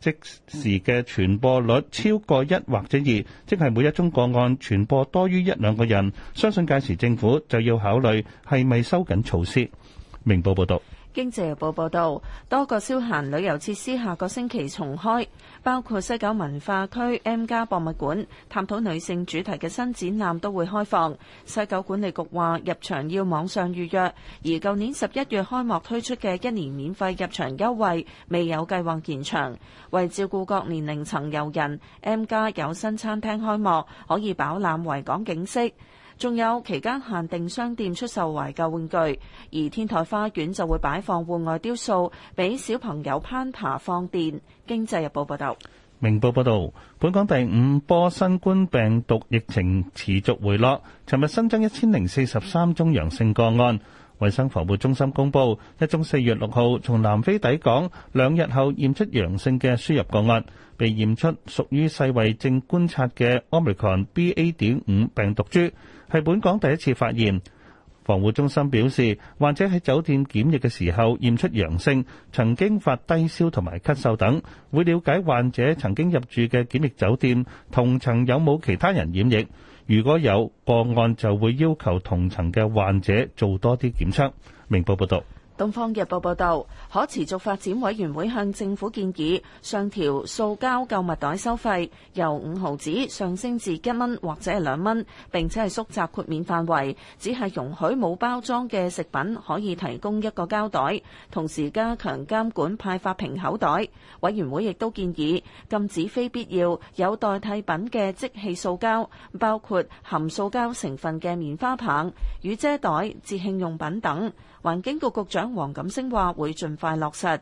即時嘅傳播率超過一或者二，即係每一宗個案傳播多於一兩個人，相信屆時政府就要考慮係咪收緊措施。明報報道。《經濟日報》報導，多個消閒旅遊設施下個星期重開，包括西九文化區 M+ 博物館，探討女性主題嘅新展覽都會開放。西九管理局話，入場要網上預約，而舊年十一月開幕推出嘅一年免費入場優惠，未有計劃延長。為照顧各年齡層遊人，M+ 有新餐廳開幕，可以飽覽維港景色。仲有期間限定商店出售懷舊玩具，而天台花園就會擺放戶外雕塑，俾小朋友攀爬放電。經濟日報報道，明報報道，本港第五波新冠病毒疫情持續回落。尋日新增一千零四十三宗陽性個案，衞生防護中心公布一宗四月六號從南非抵港兩日後驗出陽性嘅輸入個案，被驗出屬於世衛正觀察嘅奧密克戎 BA.5 病毒株。係本港第一次發現，防護中心表示，患者喺酒店檢疫嘅時候驗出陽性，曾經發低燒同埋咳嗽等，會了解患者曾經入住嘅檢疫酒店同層有冇其他人染疫。如果有個案，就會要求同層嘅患者做多啲檢測。明報報道。《東方日報》報導，可持續發展委員會向政府建議上調塑膠購物袋收費，由五毫紙上升至一蚊或者係兩蚊。並且係縮窄豁免範圍，只係容許冇包裝嘅食品可以提供一個膠袋。同時加強監管派發平口袋。委員會亦都建議禁止非必要有代替品嘅即棄塑膠，包括含塑膠成分嘅棉花棒、雨遮袋、節慶用品等。環境局局長黃錦星話：會盡快落實。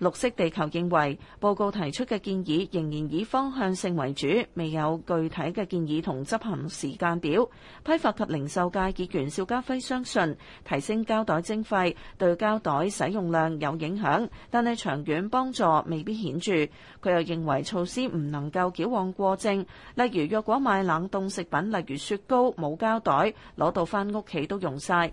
綠色地球認為報告提出嘅建議仍然以方向性為主，未有具體嘅建議同執行時間表。批發及零售界議員邵家輝相信提升膠袋徵費對膠袋使用量有影響，但係長遠幫助未必顯著。佢又認為措施唔能夠矯枉過正，例如若果買冷凍食品，例如雪糕冇膠袋，攞到翻屋企都用晒。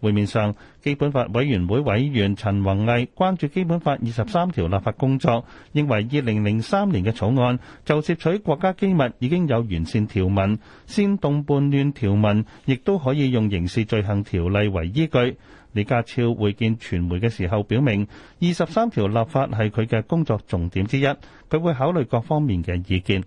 會面上，基本法委員會委員陳宏毅關注基本法二十三條立法工作，認為二零零三年嘅草案就竊取國家機密已經有完善條文，煽動叛亂條文亦都可以用刑事罪行條例為依據。李家超會見傳媒嘅時候，表明二十三條立法係佢嘅工作重點之一，佢會考慮各方面嘅意見。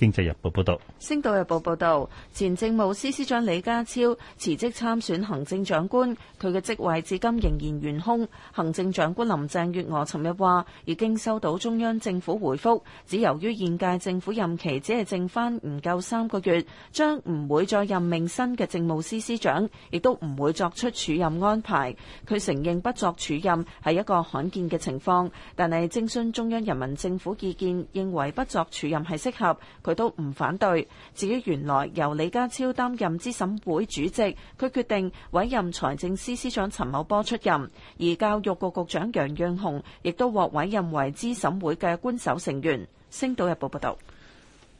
經濟日報報道，星島日報報道，前政務司司長李家超辭職參選行政長官，佢嘅職位至今仍然懸空。行政長官林鄭月娥尋日話，已經收到中央政府回覆，只由於現屆政府任期只係剩翻唔夠三個月，將唔會再任命新嘅政務司司長，亦都唔會作出署任安排。佢承認不作署任係一個罕見嘅情況，但係徵詢中央人民政府意見，認為不作署任係適合。佢都唔反對，至於原來由李家超擔任資審會主席，佢決定委任財政司司長陳茂波出任，而教育局局長楊潤雄亦都獲委任為資審會嘅官守成員。《星島日報》報道，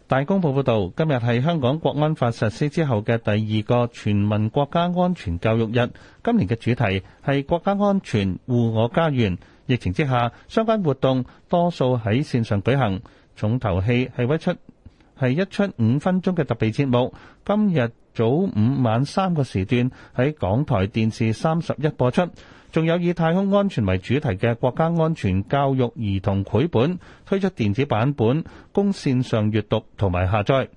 大公報報道，今日係香港國安法實施之後嘅第二個全民國家安全教育日。今年嘅主題係國家安全護我家園。疫情之下，相關活動多數喺線上舉行。重頭戲係推出。係一出五分鐘嘅特別節目，今日早、午、晚三個時段喺港台電視三十一播出。仲有以太空安全為主題嘅國家安全教育兒童繪本推出電子版本，供線上閱讀同埋下載。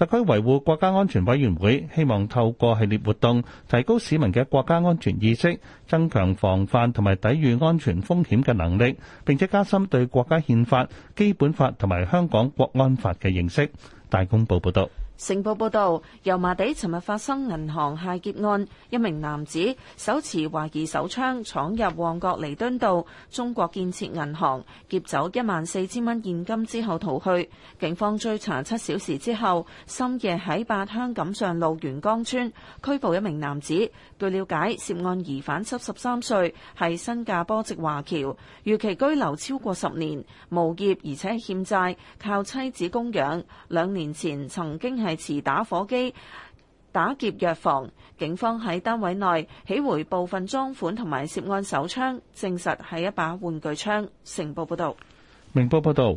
特區維護國家安全委員會希望透過系列活動，提高市民嘅國家安全意識，增強防範同埋抵禦安全風險嘅能力，並且加深對國家憲法、基本法同埋香港國安法嘅認識。大公報報道。成報報導，油麻地尋日發生銀行械劫案，一名男子手持懷疑手槍闖入旺角彌敦道中國建設銀行，劫走一萬四千蚊現金之後逃去。警方追查七小時之後，深夜喺八鄉錦上路元江村拘捕一名男子。據了解，涉案疑犯七十三歲，係新加坡籍華僑，預期居留超過十年，無業而且欠債，靠妻子供養。兩年前曾經喺持打火機打劫藥房，警方喺單位內起回部分贓款同埋涉案手槍，證實係一把玩具槍。成報報道。明報報道。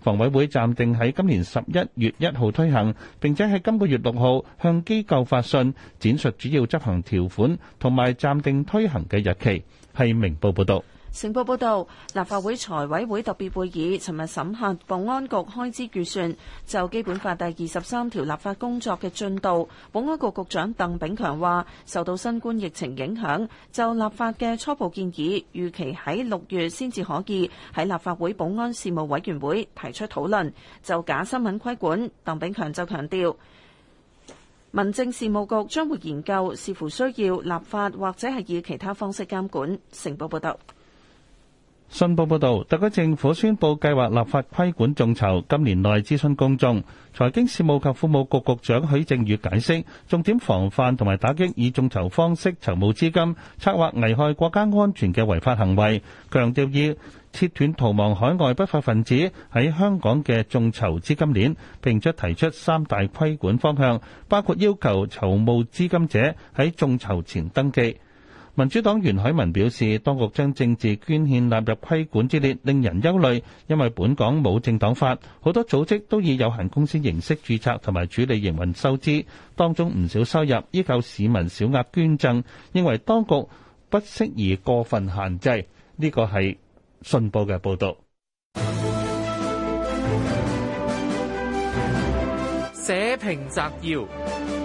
房委會暫定喺今年十一月一號推行，並且喺今個月六號向機構發信，展述主要執行條款同埋暫定推行嘅日期。係《明報》報道。成報報道，立法會財委會特別會議，尋日審核保安局開支預算。就《基本法》第二十三條立法工作嘅進度，保安局局長鄧炳強話，受到新冠疫情影響，就立法嘅初步建議，預期喺六月先至可以喺立法會保安事務委員會提出討論。就假新聞規管，鄧炳強就強調，民政事務局將會研究，視乎需要立法或者係以其他方式監管。成報報道。信報報導，特區政府宣佈計劃立法規管眾籌，今年內諮詢公眾。財經事務及庫務局局長許正宇解釋，重點防範同埋打擊以眾籌方式籌募資金、策劃危害國家安全嘅違法行為，強調要切斷逃亡海外不法分子喺香港嘅眾籌資金鏈。並且提出三大規管方向，包括要求籌募資金者喺眾籌前登記。民主黨袁海文表示，當局將政治捐獻納入規管之列，令人憂慮，因為本港冇政黨法，好多組織都以有限公司形式註冊同埋處理營運收支，當中唔少收入依靠市民小額捐贈，認為當局不適宜過分限制。呢個係信報嘅報導。社評摘要。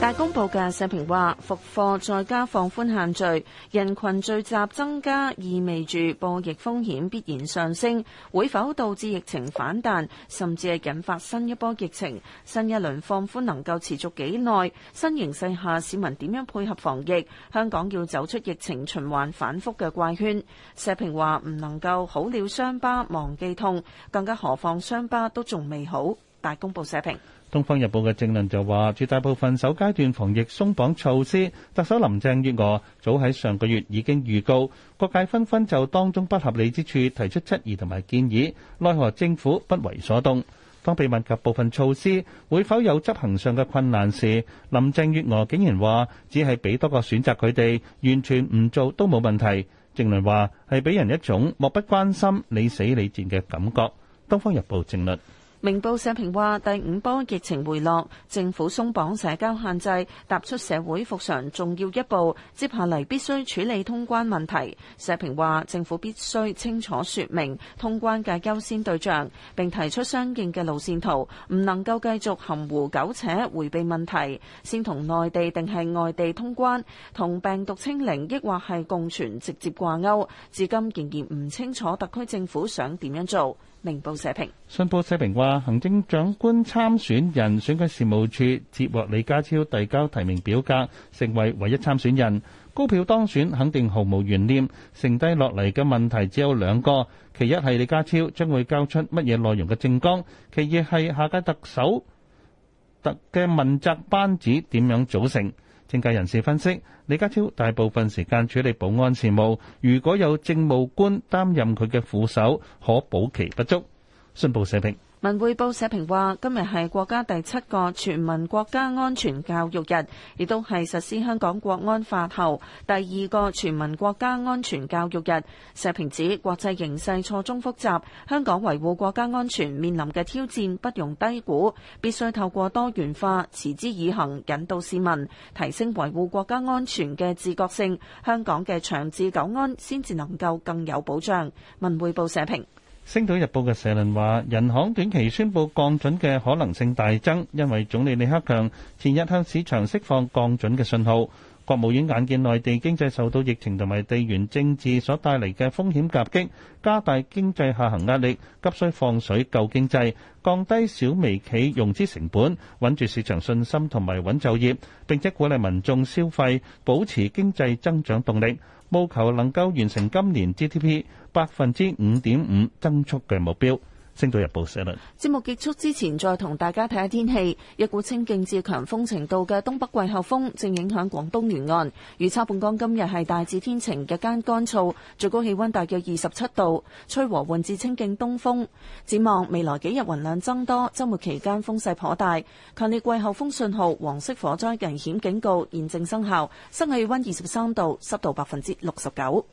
大公報嘅社評話：復課再加放寬限聚，人群聚集增加，意味住播疫風險必然上升，會否導致疫情反彈，甚至係引發新一波疫情？新一輪放寬能夠持續幾耐？新形勢下市民點樣配合防疫？香港要走出疫情循環反覆嘅怪圈。社評話唔能夠好了傷疤忘記痛，更加何況傷疤都仲未好。大公報社評。《東方日報》嘅政論就話，絕大部分首階段防疫鬆綁措施，特首林鄭月娥早喺上個月已經預告，各界紛紛就當中不合理之處提出質疑同埋建議，奈何政府不為所動。當被問及部分措施會否有執行上嘅困難時，林鄭月娥竟然話只係俾多個選擇佢哋，完全唔做都冇問題。政論話係俾人一種漠不關心你死你賤嘅感覺。《東方日報》政論。《明報》社評話第五波疫情回落，政府鬆綁社交限制，踏出社會復常重要一步。接下嚟必須處理通關問題。社評話政府必須清楚說明通關嘅優先對象，並提出相應嘅路線圖，唔能夠繼續含糊苟且回避問題。先同內地定係外地通關，同病毒清零抑或係共存直接掛鈎，至今仍然唔清楚特區政府想點樣做。明報社評，信報社評話，行政長官參選人選舉事務處接獲李家超遞交提名表格，成為唯一參選人。高票當選肯定毫無懸念，剩低落嚟嘅問題只有兩個，其一係李家超將會交出乜嘢內容嘅政綱，其二係下屆特首特嘅問責班子點樣組成。政界人士分析，李家超大部分時間處理保安事務，如果有政務官擔任佢嘅副手，可補其不足。信報社評。文匯報社評話：今日係國家第七個全民國家安全教育日，亦都係實施香港國安法後第二個全民國家安全教育日。社評指國際形勢錯綜複雜，香港維護國家安全面臨嘅挑戰不容低估，必須透過多元化、持之以恒引導市民，提升維護國家安全嘅自覺性，香港嘅長治久安先至能夠更有保障。文匯報社評。星島日報嘅社論話,人行短期宣布降準嘅可能性大增,因為總理李克強前日向市場釋放降準嘅信號。國務院眼見內地經濟受到疫情同埋地緣政治所帶嚟嘅風險夾擊,加大經濟下行壓力,急需放水救經濟,降低小微企融資成本,穩住市場信心同埋穩就業,並且鼓勵民眾消費,保持經濟增長動力。務求能夠完成今年 GDP 百分之五點五增速嘅目標。《星島日報》社論。節目結束之前，再同大家睇下天氣。一股清勁至強風程度嘅東北季候風正影響廣東沿岸。預測本港今日係大致天晴，日間乾燥，最高氣温大約二十七度，吹和緩至清勁東風。展望未來幾日雲量增多，週末期間風勢頗大。強烈季候風信號、黃色火災危險警告現正生效。室氣温二十三度，濕度百分之六十九。